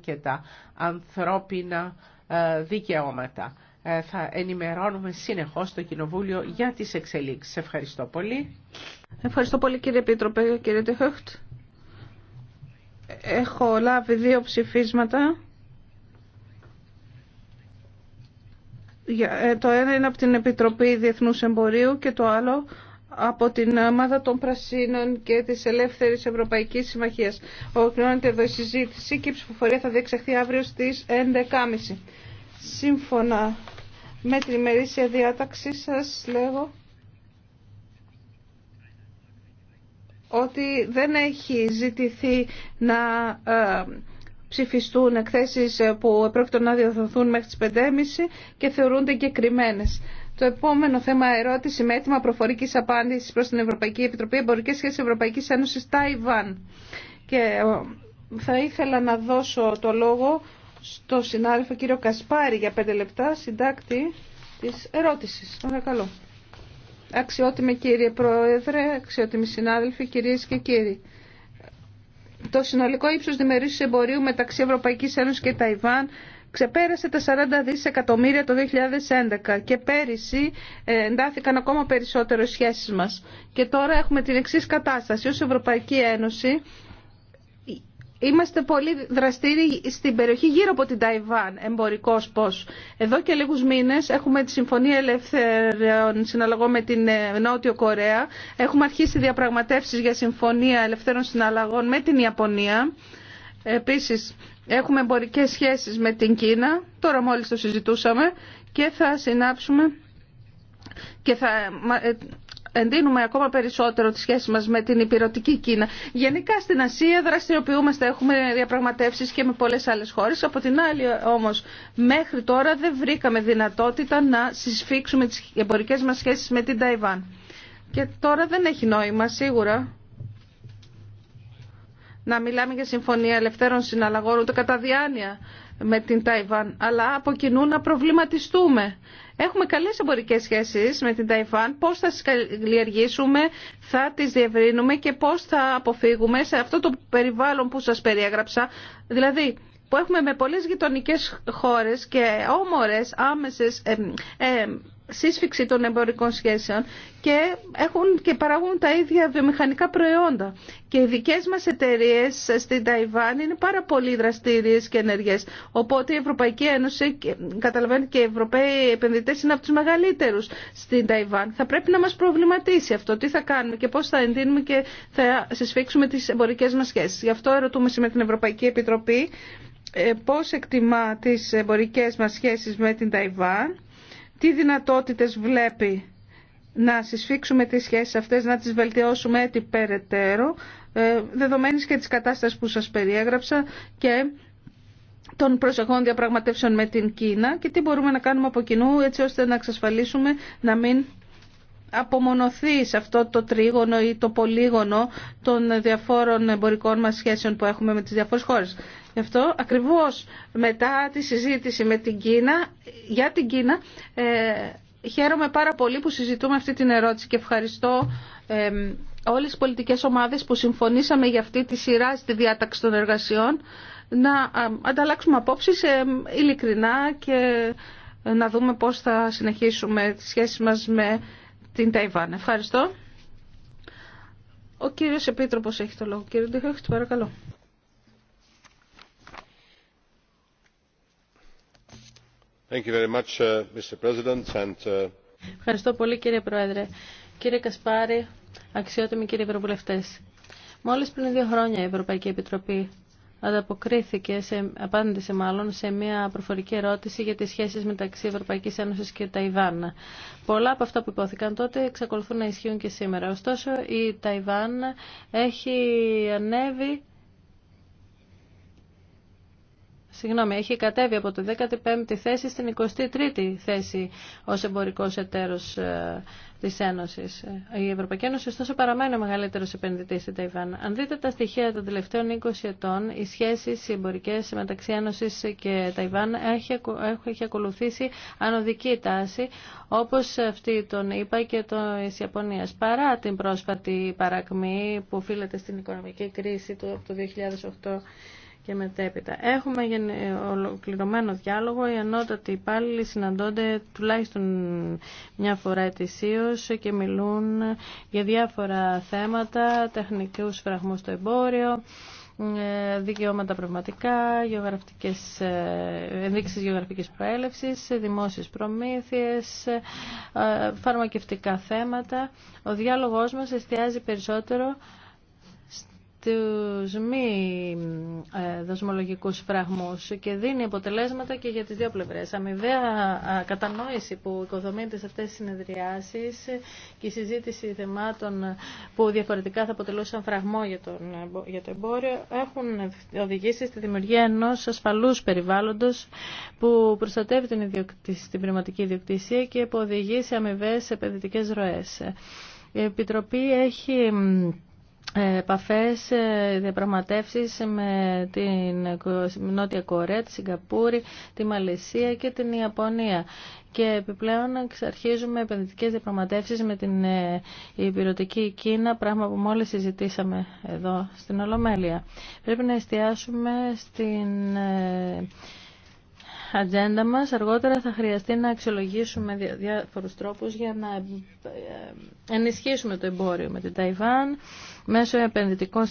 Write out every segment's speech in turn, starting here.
και τα ανθρώπινα ε, δικαιώματα. Ε, θα ενημερώνουμε συνεχώς το Κοινοβούλιο για τις εξελίξεις. Ευχαριστώ πολύ. Ευχαριστώ πολύ κύριε Επίτροπε, κύριε Τεχόχτ. Έχω λάβει δύο ψηφίσματα. Ε, το ένα είναι από την Επιτροπή Διεθνούς Εμπορίου και το άλλο από την ομάδα των Πρασίνων και της Ελεύθερης Ευρωπαϊκής Συμμαχίας. Ολοκληρώνεται εδώ η συζήτηση και η ψηφοφορία θα διεξαχθεί αύριο στις 11.30. Σύμφωνα με την ημερήσια διάταξη σας λέγω ότι δεν έχει ζητηθεί να ε, ψηφιστούν εκθέσεις που πρόκειται να διαδοθούν μέχρι τις 5.30 και θεωρούνται εγκεκριμένες. Το επόμενο θέμα ερώτηση με έτοιμα προφορικής απάντησης προς την Ευρωπαϊκή Επιτροπή Εμπορικέ Σχέσεις Ευρωπαϊκή Ένωση Ταϊβάν. Και θα ήθελα να δώσω το λόγο στο συνάδελφο κύριο Κασπάρη για πέντε λεπτά, συντάκτη της ερώτηση. Παρακαλώ. Αξιότιμε κύριε Πρόεδρε, αξιότιμοι συνάδελφοι, κυρίες και κύριοι. Το συνολικό ύψο διμερίσεω εμπορίου μεταξύ Ευρωπαϊκή Ένωση και Ταϊβάν ξεπέρασε τα 40 δισεκατομμύρια το 2011 και πέρυσι ε, εντάθηκαν ακόμα περισσότερο οι σχέσεις μας. Και τώρα έχουμε την εξής κατάσταση. Ως Ευρωπαϊκή Ένωση Είμαστε πολύ δραστήριοι στην περιοχή γύρω από την Ταϊβάν, εμπορικό πώ. Εδώ και λίγου μήνε έχουμε τη ε, Συμφωνία Ελευθερών Συναλλαγών με την Νότιο Κορέα. Έχουμε αρχίσει διαπραγματεύσει για Συμφωνία Ελευθέρων Συναλλαγών με την Ιαπωνία. Έχουμε εμπορικέ σχέσεις με την Κίνα, τώρα μόλις το συζητούσαμε, και θα συνάψουμε και θα ε, εντείνουμε ακόμα περισσότερο τις σχέσεις μας με την υπηρετική Κίνα. Γενικά στην Ασία δραστηριοποιούμαστε, έχουμε διαπραγματεύσεις και με πολλές άλλες χώρες. Από την άλλη όμως μέχρι τώρα δεν βρήκαμε δυνατότητα να συσφίξουμε τις εμπορικές μας σχέσεις με την Ταϊβάν. Και τώρα δεν έχει νόημα σίγουρα να μιλάμε για συμφωνία ελευθέρων συναλλαγών ούτε κατά διάνοια με την Ταϊβάν, αλλά από κοινού να προβληματιστούμε. Έχουμε καλές εμπορικέ σχέσεις με την Ταϊβάν, πώ θα τι καλλιεργήσουμε, θα τι διευρύνουμε και πώ θα αποφύγουμε σε αυτό το περιβάλλον που σας περιέγραψα, δηλαδή που έχουμε με πολλές γειτονικές χώρες και όμορες, άμεσες, ε, σύσφυξη των εμπορικών σχέσεων και έχουν και παράγουν τα ίδια βιομηχανικά προϊόντα. Και οι δικές μας εταιρείε στην Ταϊβάν είναι πάρα πολύ δραστήριες και ενεργές. Οπότε η Ευρωπαϊκή Ένωση, καταλαβαίνει και οι Ευρωπαίοι επενδυτές είναι από τους μεγαλύτερους στην Ταϊβάν. Θα πρέπει να μας προβληματίσει αυτό. Τι θα κάνουμε και πώς θα εντείνουμε και θα συσφίξουμε τις εμπορικές μας σχέσεις. Γι' αυτό ερωτούμε σήμερα την Ευρωπαϊκή Επιτροπή ε, πώ εκτιμά τι εμπορικέ μα σχέσει με την Ταϊβάν τι δυνατότητες βλέπει να συσφίξουμε τις σχέσεις αυτές, να τις βελτιώσουμε έτσι περαιτέρω, ε, δεδομένης και της κατάστασης που σας περιέγραψα και των προσεχών διαπραγματεύσεων με την Κίνα και τι μπορούμε να κάνουμε από κοινού έτσι ώστε να εξασφαλίσουμε να μην απομονωθεί σε αυτό το τρίγωνο ή το πολύγωνο των διαφόρων εμπορικών μας σχέσεων που έχουμε με τις διαφόρες χώρες. Γι' αυτό ακριβώς μετά τη συζήτηση με την Κίνα, για την Κίνα, ε, χαίρομαι πάρα πολύ που συζητούμε αυτή την ερώτηση και ευχαριστώ ε, όλες τις πολιτικές ομάδες που συμφωνήσαμε για αυτή τη σειρά στη διάταξη των εργασιών να ε, ανταλλάξουμε απόψεις ε, ειλικρινά και ε, να δούμε πώς θα συνεχίσουμε τις σχέση μας με την Ταϊβάν. Ευχαριστώ. Ο κύριος Επίτροπος έχει το λόγο. Κύριε Ντεχέχτη, παρακαλώ. Uh, uh, Ευχαριστώ πολύ κύριε Πρόεδρε. Κύριε Κασπάρη, αξιότιμοι κύριοι ευρωβουλευτέ μολι πριν δύο χρόνια η Ευρωπαϊκή Επιτροπή ανταποκρίθηκε, απάντησε μάλλον, σε μια προφορική ερώτηση για τι σχέσει μεταξύ Ευρωπαϊκή Ένωση και Ταϊβάν. Πολλά από αυτά που υπόθηκαν τότε εξακολουθούν να ισχύουν και σήμερα. Ωστόσο, η Ταϊβάν έχει ανέβει Συγγνώμη, έχει κατέβει από τη 15η θέση στην 23η θέση ως εμπορικός εταίρος ε, της Ένωσης. Ε, η Ευρωπαϊκή Ένωση, ωστόσο, παραμένει ο μεγαλύτερος επενδυτής στην Ταϊβάν. Αν δείτε τα στοιχεία των τελευταίων 20 ετών, οι σχέσεις οι εμπορικές μεταξύ Ένωσης και Ταϊβάν έχει ακολουθήσει ανωδική τάση, όπως αυτή τον ΗΠΑ και της Ιαπωνίας. Παρά την πρόσφατη παρακμή που οφείλεται στην οικονομική κρίση του 2008, και μετέπειτα. Έχουμε ολοκληρωμένο διάλογο. Οι ανώτατοι υπάλληλοι συναντώνται τουλάχιστον μια φορά ετησίω και μιλούν για διάφορα θέματα, τεχνικού φραγμούς στο εμπόριο, ε, δικαιώματα πραγματικά, γεωγραφικές, ε, ενδείξεις γεωγραφικής προέλευσης, δημόσιες προμήθειες, ε, φαρμακευτικά θέματα. Ο διάλογός μας εστιάζει περισσότερο τους μη ε, δοσμολογικούς φραγμούς και δίνει αποτελέσματα και για τις δύο πλευρές. Αμοιβαία κατανόηση που οικοδομείται σε αυτές τις συνεδριάσεις και η συζήτηση θεμάτων που διαφορετικά θα αποτελούσαν φραγμό για, τον, για το εμπόριο έχουν οδηγήσει στη δημιουργία ενός ασφαλούς περιβάλλοντος που προστατεύει την, την πνευματική ιδιοκτησία και που οδηγεί σε αμοιβαίες επενδυτικές ροές. Η Επιτροπή έχει επαφές, ε, διαπραγματεύσεις με την Νότια Κορέα, τη Σιγκαπούρη, τη Μαλαισία και την Ιαπωνία. Και επιπλέον αρχίζουμε επενδυτικές διαπραγματεύσεις με την ε, υπηρετική Κίνα, πράγμα που μόλις συζητήσαμε εδώ στην Ολομέλεια. Πρέπει να εστιάσουμε στην ε, ατζέντα μας. Αργότερα θα χρειαστεί να αξιολογήσουμε διάφορους τρόπους για να ε, ε, ενισχύσουμε το εμπόριο με την Ταϊβάν μέσω επενδυτικών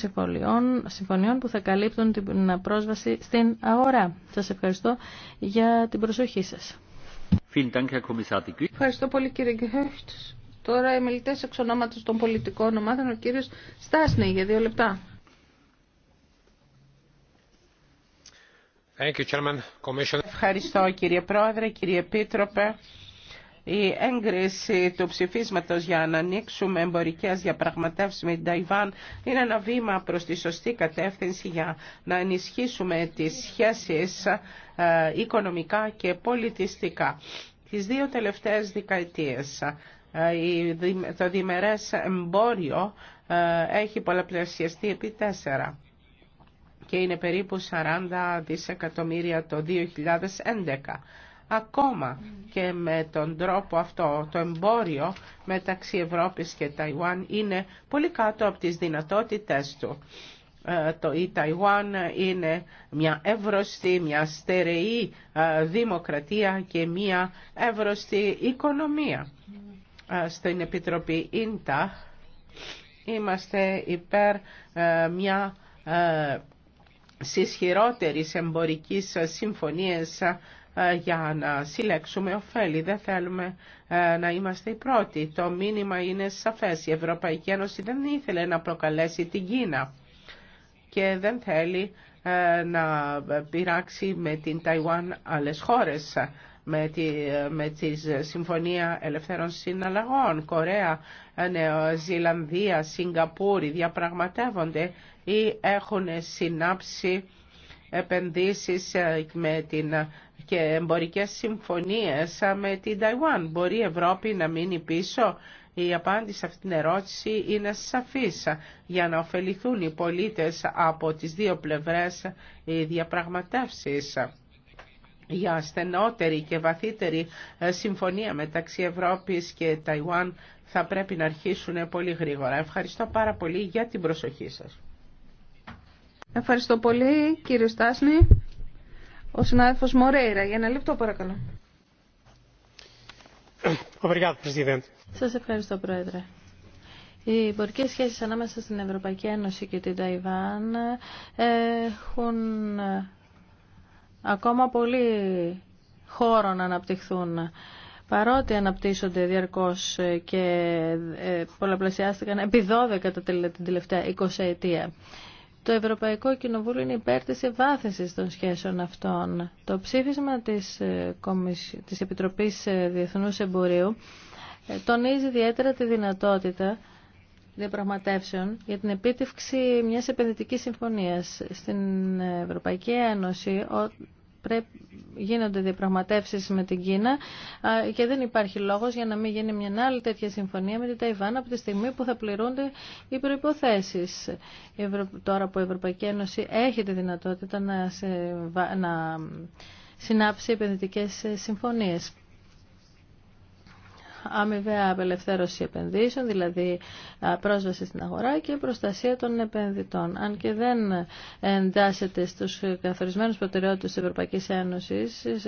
συμφωνιών, που θα καλύπτουν την πρόσβαση στην αγορά. Σας ευχαριστώ για την προσοχή σας. Ευχαριστώ πολύ κύριε Γκέφτ. Τώρα οι μιλητές εξ ονόματος των πολιτικών ομάδων, ο κύριος Στάσνη για δύο λεπτά. Ευχαριστώ κύριε Πρόεδρε, κύριε Επίτροπε. Η έγκριση του ψηφίσματος για να ανοίξουμε εμπορικές διαπραγματεύσεις με την Ταϊβάν είναι ένα βήμα προς τη σωστή κατεύθυνση για να ενισχύσουμε τις σχέσεις ε, οικονομικά και πολιτιστικά. Τις δύο τελευταίες δεκαετίες ε, το διμερές εμπόριο ε, έχει πολλαπλασιαστεί επί τέσσερα και είναι περίπου 40 δισεκατομμύρια το 2011. Ακόμα και με τον τρόπο αυτό το εμπόριο μεταξύ Ευρώπης και Ταϊουάν είναι πολύ κάτω από τις δυνατότητες του. Ε, το, η Ταϊουάν είναι μια εύρωστη, μια στερεή ε, δημοκρατία και μια εύρωστη οικονομία. Ε, στην Επιτροπή Ίντα είμαστε υπέρ μια χειρότερε εμπορικής συμφωνίε ε, για να συλλέξουμε ωφέλη. Δεν θέλουμε ε, να είμαστε οι πρώτοι. Το μήνυμα είναι σαφές. Η Ευρωπαϊκή Ένωση δεν ήθελε να προκαλέσει την Κίνα και δεν θέλει ε, να πειράξει με την Ταϊουάν άλλες χώρες με τη, με Συμφωνία Ελευθέρων Συναλλαγών, Κορέα, Νέα Ζηλανδία, Σιγκαπούρη διαπραγματεύονται ή έχουν συνάψει επενδύσεις ε, με την και εμπορικές συμφωνίες ε, με την Ταϊουάν. Μπορεί η Ευρώπη να μείνει πίσω. Η απάντηση σε αυτήν την ερώτηση είναι σαφής. Για να ωφεληθούν οι πολίτες από τις δύο πλευρές οι για στενότερη και βαθύτερη ε, συμφωνία μεταξύ Ευρώπης και Ταϊουάν θα πρέπει να αρχίσουν πολύ γρήγορα. Ευχαριστώ πάρα πολύ για την προσοχή σας. Ευχαριστώ πολύ κύριε Στάσνη. Ο συνάδελφος Μορέιρα, για ένα λεπτό παρακαλώ. Σας ευχαριστώ Πρόεδρε. Οι εμπορικές σχέσεις ανάμεσα στην Ευρωπαϊκή Ένωση και την Ταϊβάν ε, έχουν ακόμα πολύ χώρο να αναπτυχθούν. Παρότι αναπτύσσονται διαρκώς και ε, πολλαπλασιάστηκαν επί 12 την τελευταία 20 ετία. Το Ευρωπαϊκό Κοινοβούλιο είναι υπέρ της ευάθεσης των σχέσεων αυτών. Το ψήφισμα της, ε, της Επιτροπής ε, Διεθνούς Εμπορίου τονίζει ιδιαίτερα τη δυνατότητα διαπραγματεύσεων για την επίτευξη μιας επενδυτικής συμφωνίας στην Ευρωπαϊκή Ένωση πρέπει, γίνονται διαπραγματεύσει με την Κίνα και δεν υπάρχει λόγος για να μην γίνει μια άλλη τέτοια συμφωνία με την Ταϊβάν από τη στιγμή που θα πληρούνται οι προποθέσει. Τώρα που η Ευρωπαϊκή Ένωση έχει τη δυνατότητα να, να συνάψει επενδυτικές συμφωνίες αμοιβαία απελευθέρωση επενδύσεων, δηλαδή πρόσβαση στην αγορά και προστασία των επενδυτών. Αν και δεν εντάσσεται στου καθορισμένου προτεραιότητε τη Ευρωπαϊκή Ένωση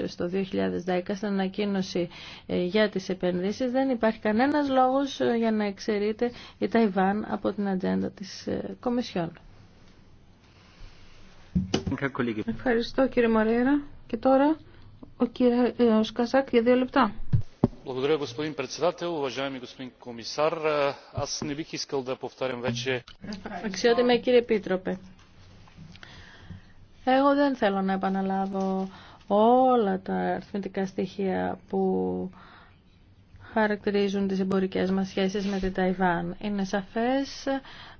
στο 2010 στην ανακοίνωση ε, για τι επενδύσει, δεν υπάρχει κανένα λόγο ε, για να εξαιρείται η Ταϊβάν από την ατζέντα τη ε, Κομισιόν. Ευχαριστώ κύριε Μαρέρα. Και τώρα ο κύριος Κασάκ για δύο λεπτά господин председател уважаеми господин комисар аз Αξιότιμε κύριε Επίτροπε, εγώ δεν θέλω να επαναλάβω όλα τα αριθμητικά στοιχεία που χαρακτηρίζουν τις εμπορικές μας σχέσεις με την Ταϊβάν. Είναι σαφές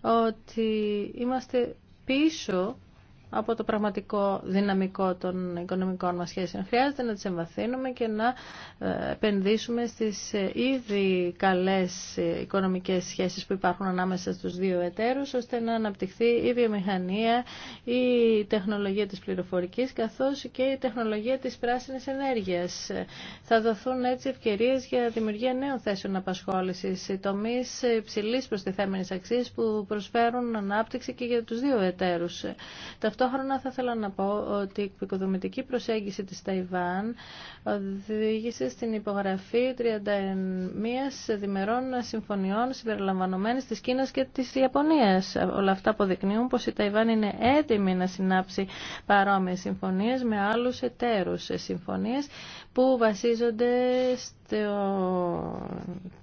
ότι είμαστε πίσω από το πραγματικό δυναμικό των οικονομικών μας σχέσεων. Χρειάζεται να τις εμβαθύνουμε και να ε, επενδύσουμε στις ε, ήδη καλές ε, οικονομικές σχέσεις που υπάρχουν ανάμεσα στους δύο εταίρους, ώστε να αναπτυχθεί η βιομηχανία, η τεχνολογία της πληροφορικής, καθώς και η τεχνολογία της πράσινης ενέργειας. Θα δοθούν έτσι ευκαιρίες για δημιουργία νέων θέσεων απασχόλησης, τομείς υψηλής προστιθέμενης αξίας που προσφέρουν ανάπτυξη και για τους δύο εταίρους Ταυτόχρονα θα ήθελα να πω ότι η οικοδομητική προσέγγιση της Ταϊβάν οδήγησε στην υπογραφή 31 δημερών συμφωνιών συμπεριλαμβανομένης της Κίνας και της Ιαπωνίας. Όλα αυτά αποδεικνύουν πως η Ταϊβάν είναι έτοιμη να συνάψει παρόμοιες συμφωνίες με άλλους εταίρους συμφωνίες που βασίζονται στο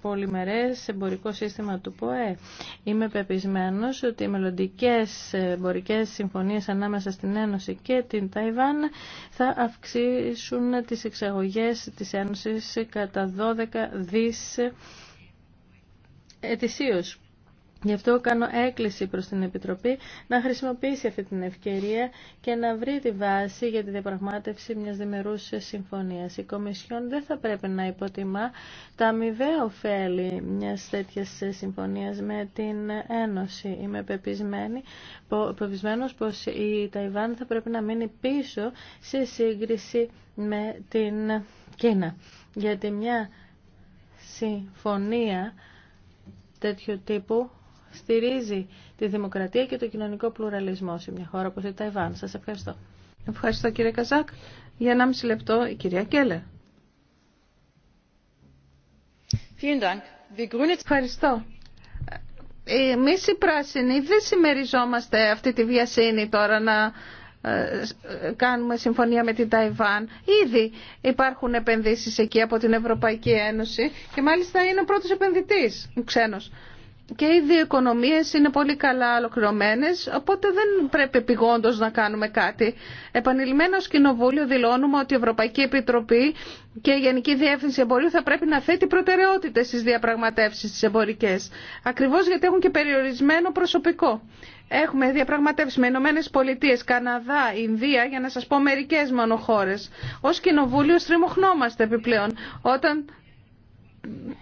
πολυμερές εμπορικό σύστημα του ΠΟΕ. Είμαι πεπισμένος ότι οι μελλοντικές εμπορικές συμφωνίες ανάμεσα στην Ένωση και την Ταϊβάν θα αυξήσουν τις εξαγωγές της Ένωσης κατά 12 δις ετησίως. Γι' αυτό κάνω έκκληση προς την Επιτροπή να χρησιμοποιήσει αυτή την ευκαιρία και να βρει τη βάση για τη διαπραγμάτευση μιας δημερούσης συμφωνίας. Η Κομισιόν δεν θα πρέπει να υποτιμά τα αμοιβαία ωφέλη μιας τέτοιας συμφωνίας με την Ένωση. Είμαι πεπισμένος πως η Ταϊβάν θα πρέπει να μείνει πίσω σε σύγκριση με την Κίνα. Γιατί μια συμφωνία τέτοιου τύπου στηρίζει τη δημοκρατία και το κοινωνικό πλουραλισμό σε μια χώρα όπως η Ταϊβάν. Σας ευχαριστώ. Ευχαριστώ κύριε Καζάκ. Για 1,5 λεπτό η κυρία Κέλλερ. Ευχαριστώ. Ε, Εμεί οι πράσινοι δεν συμμεριζόμαστε αυτή τη βιασύνη τώρα να ε, ε, κάνουμε συμφωνία με την Ταϊβάν. Ήδη υπάρχουν επενδύσεις εκεί από την Ευρωπαϊκή Ένωση και μάλιστα είναι ο πρώτος επενδυτής, ξένος και οι δύο οικονομίες είναι πολύ καλά ολοκληρωμένε, οπότε δεν πρέπει επιγόντως να κάνουμε κάτι. Επανειλημμένα ως Κοινοβούλιο δηλώνουμε ότι η Ευρωπαϊκή Επιτροπή και η Γενική Διεύθυνση Εμπορίου θα πρέπει να θέτει προτεραιότητες στις διαπραγματεύσεις τις εμπορικές. Ακριβώς γιατί έχουν και περιορισμένο προσωπικό. Έχουμε διαπραγματεύσει με Ηνωμένε Πολιτείε, Καναδά, Ινδία, για να σα πω μερικέ μόνο χώρε. Ω κοινοβούλιο στριμωχνόμαστε επιπλέον όταν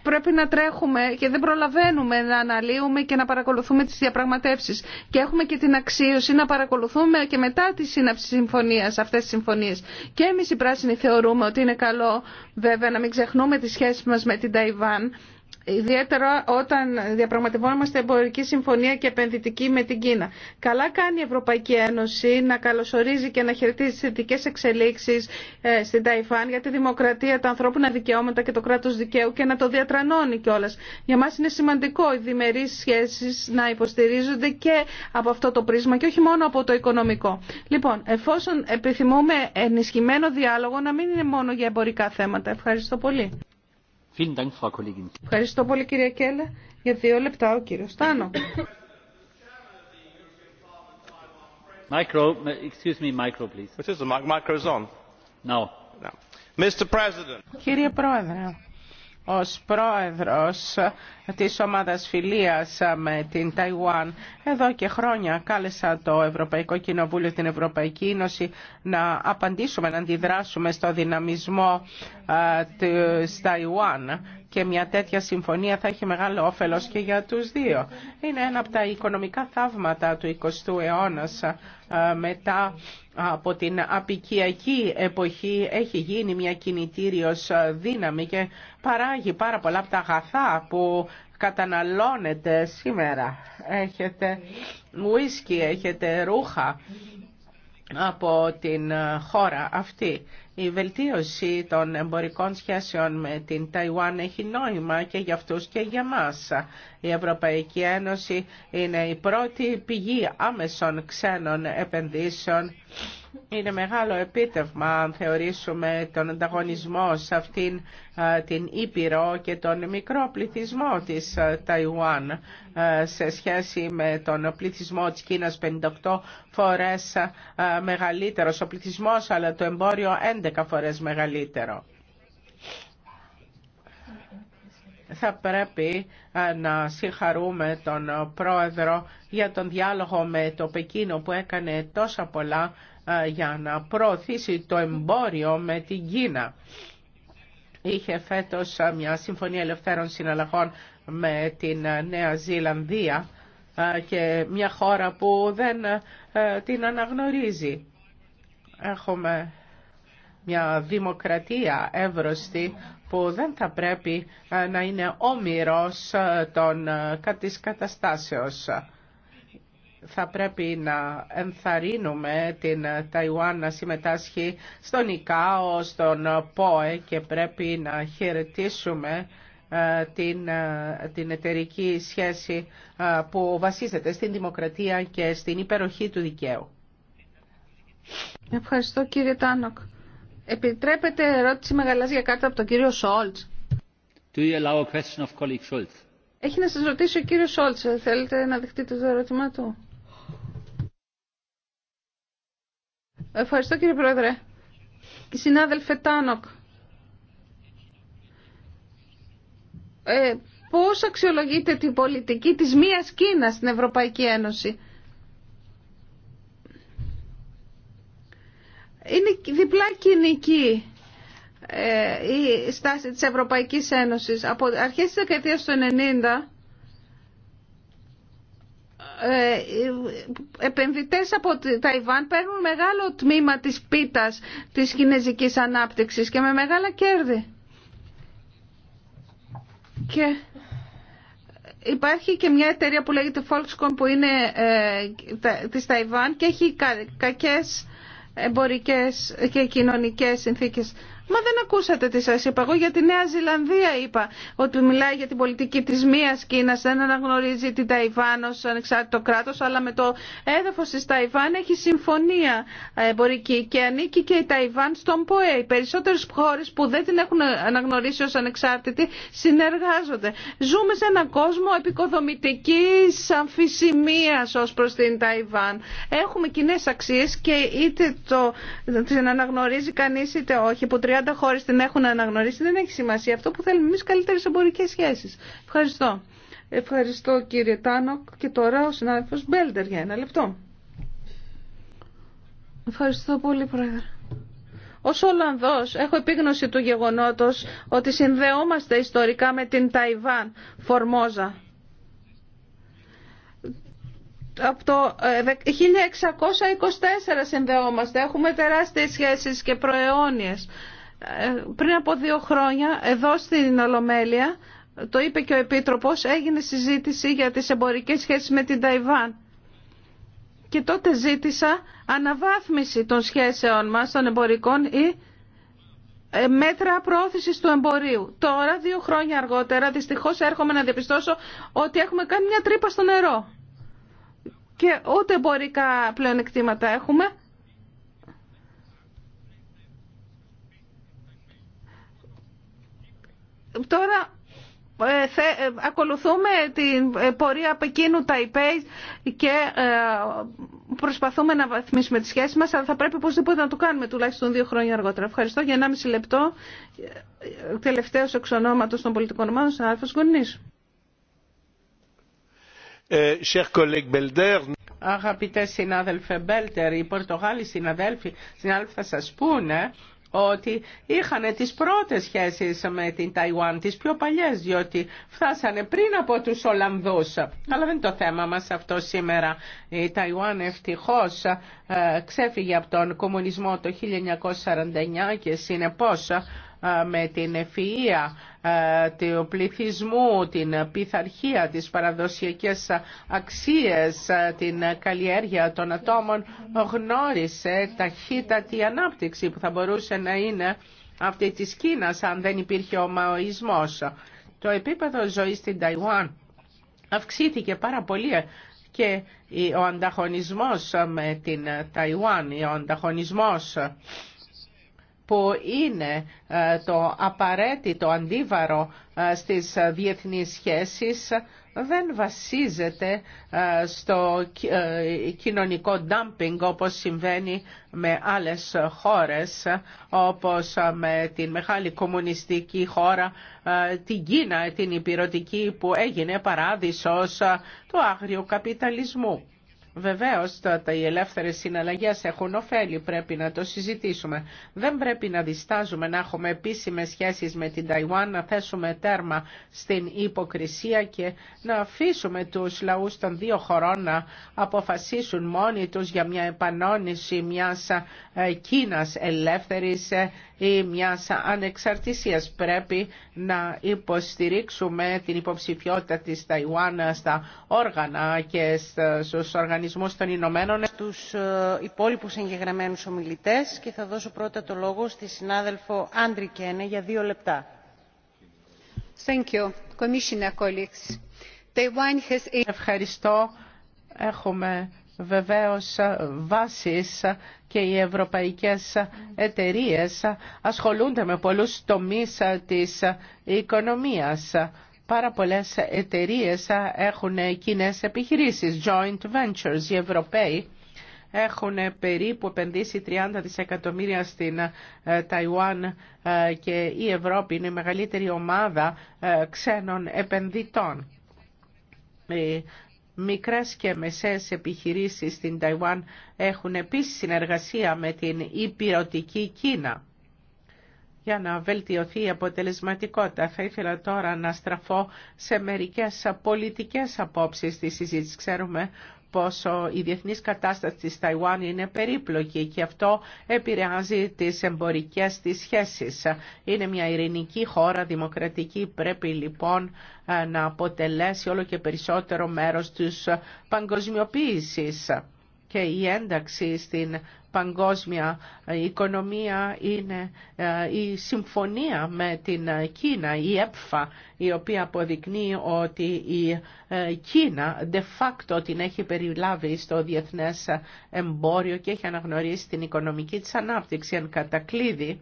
πρέπει να τρέχουμε και δεν προλαβαίνουμε να αναλύουμε και να παρακολουθούμε τις διαπραγματεύσεις. Και έχουμε και την αξίωση να παρακολουθούμε και μετά τη σύναψη συμφωνίας, αυτές τις συμφωνίες. Και εμείς οι πράσινοι θεωρούμε ότι είναι καλό βέβαια να μην ξεχνούμε τις σχέσεις μας με την Ταϊβάν Ιδιαίτερα όταν διαπραγματευόμαστε εμπορική συμφωνία και επενδυτική με την Κίνα. Καλά κάνει η Ευρωπαϊκή Ένωση να καλωσορίζει και να χαιρετίζει τι θετικέ εξελίξει ε, στην Ταϊφάν για τη δημοκρατία, τα ανθρώπινα δικαιώματα και το κράτο δικαίου και να το διατρανώνει κιόλα. Για μα είναι σημαντικό οι διμερεί σχέσει να υποστηρίζονται και από αυτό το πρίσμα και όχι μόνο από το οικονομικό. Λοιπόν, εφόσον επιθυμούμε ενισχυμένο διάλογο, να μην είναι μόνο για εμπορικά θέματα. Ευχαριστώ πολύ. Ευχαριστώ πολύ κύριε Κέλλα. Για δύο λεπτά ο κύριος Στάνο. Κύριε Πρόεδρε, ως πρόεδρος της ομάδας φιλίας με την Ταϊουάν. Εδώ και χρόνια κάλεσα το Ευρωπαϊκό Κοινοβούλιο, την Ευρωπαϊκή Ένωση να απαντήσουμε, να αντιδράσουμε στο δυναμισμό της Ταϊουάν και μια τέτοια συμφωνία θα έχει μεγάλο όφελος και για τους δύο. Είναι ένα από τα οικονομικά θαύματα του 20ου αιώνα μετά από την απικιακή εποχή έχει γίνει μια κινητήριος δύναμη και παράγει πάρα πολλά από τα αγαθά που καταναλώνεται σήμερα. Έχετε ουίσκι, έχετε ρούχα από την χώρα αυτή. Η βελτίωση των εμπορικών σχέσεων με την Ταϊουάν έχει νόημα και για αυτούς και για μας. Η Ευρωπαϊκή Ένωση είναι η πρώτη πηγή άμεσων ξένων επενδύσεων είναι μεγάλο επίτευγμα αν θεωρήσουμε τον ανταγωνισμό σε αυτήν την Ήπειρο και τον μικρό πληθυσμό της Ταϊουάν σε σχέση με τον πληθυσμό της Κίνας 58 φορές μεγαλύτερος ο πληθυσμός αλλά το εμπόριο 11 φορές μεγαλύτερο. θα πρέπει να συγχαρούμε τον Πρόεδρο για τον διάλογο με το Πεκίνο που έκανε τόσα πολλά ε, για να προωθήσει το εμπόριο με την Κίνα. Είχε φέτος ε, μια συμφωνία ελευθέρων συναλλαγών με την ε, Νέα Ζηλανδία και μια χώρα που δεν την αναγνωρίζει. Έχουμε μια δημοκρατία εύρωστη που δεν θα πρέπει να είναι όμοιρος των, της καταστάσεως θα πρέπει να ενθαρρύνουμε την Ταϊουάν να συμμετάσχει στον ΙΚΑΟ, στον ΠΟΕ και πρέπει να χαιρετήσουμε ε, την, ε, την εταιρική σχέση ε, που βασίζεται στην δημοκρατία και στην υπεροχή του δικαίου. Ευχαριστώ κύριε Τάνοκ. Επιτρέπετε ερώτηση με για κάρτα από τον κύριο Σόλτς. question of colleague Έχει να σας ρωτήσει ο κύριος Σόλτς. Θέλετε να δεχτείτε το ερώτημά του. Ευχαριστώ κύριε Πρόεδρε. Συνάδελφε Τάνοκ, ε, πώς αξιολογείτε την πολιτική της μίας Κίνας στην Ευρωπαϊκή Ένωση. Είναι διπλά κοινική ε, η στάση της Ευρωπαϊκής Ένωσης. Από αρχές της δεκαετίας του 90 ε, ε, επενδυτές από τη Ταϊβάν παίρνουν μεγάλο τμήμα της πίτας της κινέζικης ανάπτυξης και με μεγάλα κέρδη. Και υπάρχει και μια εταιρεία που λέγεται Foxconn που είναι ε, της Ταϊβάν και έχει κακές εμπορικές και κοινωνικές συνθήκες. Μα δεν ακούσατε τι σα είπα. Εγώ για τη Νέα Ζηλανδία είπα ότι μιλάει για την πολιτική τη μία Κίνα. δεν αναγνωρίζει την Ταϊβάν ω ανεξάρτητο κράτο. αλλά με το έδαφο τη Ταϊβάν έχει συμφωνία εμπορική και ανήκει και η Ταϊβάν στον ΠΟΕ. Οι περισσότερε χώρε που δεν την έχουν αναγνωρίσει ω ανεξάρτητη συνεργάζονται. Ζούμε σε έναν κόσμο επικοδομητική αμφισημία ω προ την Ταϊβάν. Έχουμε κοινέ αξίε και είτε το, την αναγνωρίζει κανεί είτε όχι, που 30 χώρε την έχουν αναγνωρίσει, δεν έχει σημασία. Αυτό που θέλουμε εμεί καλύτερε εμπορικέ σχέσει. Ευχαριστώ. Ευχαριστώ κύριε Τάνοκ και τώρα ο συνάδελφο Μπέλτερ για ένα λεπτό. Ευχαριστώ πολύ, Πρόεδρε. Ω Ολλανδό, έχω επίγνωση του γεγονότο ότι συνδεόμαστε ιστορικά με την Ταϊβάν, Φορμόζα. Από το 1624 ε, συνδεόμαστε. Έχουμε τεράστιες σχέσεις και προαιώνιες. Ε, πριν από δύο χρόνια εδώ στην Ολομέλεια, το είπε και ο Επίτροπος, έγινε συζήτηση για τις εμπορικές σχέσεις με την Ταϊβάν. Και τότε ζήτησα αναβάθμιση των σχέσεων μας, των εμπορικών ή ε, μέτρα προώθησης του εμπορίου. Τώρα, δύο χρόνια αργότερα, δυστυχώς έρχομαι να διαπιστώσω ότι έχουμε κάνει μια τρύπα στο νερό. Και ούτε εμπορικά πλεονεκτήματα έχουμε, Τώρα ε, ε, ακολουθούμε την ε, πορεία Πεκίνου Ταϊπέη και προσπαθούμε να βαθμίσουμε τις σχέσεις μας, αλλά θα πρέπει οπωσδήποτε να το κάνουμε τουλάχιστον δύο χρόνια αργότερα. Ευχαριστώ για μισή λεπτό. Τελευταίος εξ ονόματος των πολιτικών ομάδων, ο Γονής. Ε, Αγαπητέ συνάδελφε Μπέλτερ, οι Πορτογάλοι συναδέλφοι, συνάδελφοι θα σας πούνε ότι είχαν τις πρώτες σχέσεις με την Ταϊουάν, τις πιο παλιές, διότι φτάσανε πριν από τους Ολλανδούς. Αλλά δεν είναι το θέμα μας αυτό σήμερα. Η Ταϊουάν ευτυχώς ε, ξέφυγε από τον κομμουνισμό το 1949 και συνεπώς ε, με την ευφυΐα του πληθυσμού, την πειθαρχία, τις παραδοσιακές αξίες, την καλλιέργεια των ατόμων γνώρισε ταχύτατη ανάπτυξη που θα μπορούσε να είναι αυτή της Κίνας αν δεν υπήρχε ο μαοϊσμός. Το επίπεδο ζωής στην Ταϊουάν αυξήθηκε πάρα πολύ και ο ανταγωνισμός με την Ταϊουάν, ο ανταγωνισμός που είναι ε, το απαραίτητο αντίβαρο ε, στις ε, διεθνείς σχέσεις δεν βασίζεται στο κοινωνικό dumping όπως συμβαίνει με άλλες χώρες όπως με την μεγάλη κομμουνιστική χώρα την Κίνα την υπηρετική που έγινε παράδεισος του άγριου καπιταλισμού. Βεβαίως τα, οι ελεύθερες συναλλαγές έχουν ωφέλη, πρέπει να το συζητήσουμε. Δεν πρέπει να διστάζουμε να έχουμε επίσημες σχέσεις με την Ταϊουάν, να θέσουμε τέρμα στην υποκρισία και να αφήσουμε τους λαούς των δύο χωρών να αποφασίσουν μόνοι τους για μια επανόνηση μιας ε, Κίνας ελεύθερης ε, ή μιας ανεξαρτησίας. Πρέπει να υποστηρίξουμε την υποψηφιότητα της Ταϊουάν στα όργανα και στους οργανισμούς Οργανισμούς των Ηνωμένων τους ε, υπόλοιπους εγγεγραμμένους ομιλητές και θα δώσω πρώτα το λόγο στη συνάδελφο Άντρη Κένε για δύο λεπτά. Ευχαριστώ. Έχουμε βεβαίως βάσεις και οι ευρωπαϊκές εταιρείες ασχολούνται με πολλούς τομείς της οικονομίας Πάρα πολλές εταιρείες έχουν κοινέ επιχειρήσεις, joint ventures, οι Ευρωπαίοι έχουν περίπου επενδύσει 30 δισεκατομμύρια στην ε, Ταϊουάν ε, και η Ευρώπη είναι η μεγαλύτερη ομάδα ε, ξένων επενδυτών. Μικρές και μεσαίες επιχειρήσεις στην Ταϊουάν έχουν επίσης συνεργασία με την υπηρετική Κίνα για να βελτιωθεί η αποτελεσματικότητα. Θα ήθελα τώρα να στραφώ σε μερικές πολιτικές απόψεις της συζήτηση. Ξέρουμε πόσο η διεθνής κατάσταση της Ταϊουάν είναι περίπλοκη και αυτό επηρεάζει τις εμπορικές της σχέσεις. Είναι μια ειρηνική χώρα, δημοκρατική, πρέπει λοιπόν να αποτελέσει όλο και περισσότερο μέρος της παγκοσμιοποίησης και η ένταξη στην παγκόσμια οικονομία είναι ε, η συμφωνία με την Κίνα, η ΕΠΦΑ, η οποία αποδεικνύει ότι η ε, Κίνα de facto την έχει περιλάβει στο διεθνές εμπόριο και έχει αναγνωρίσει την οικονομική της ανάπτυξη εν κατακλείδη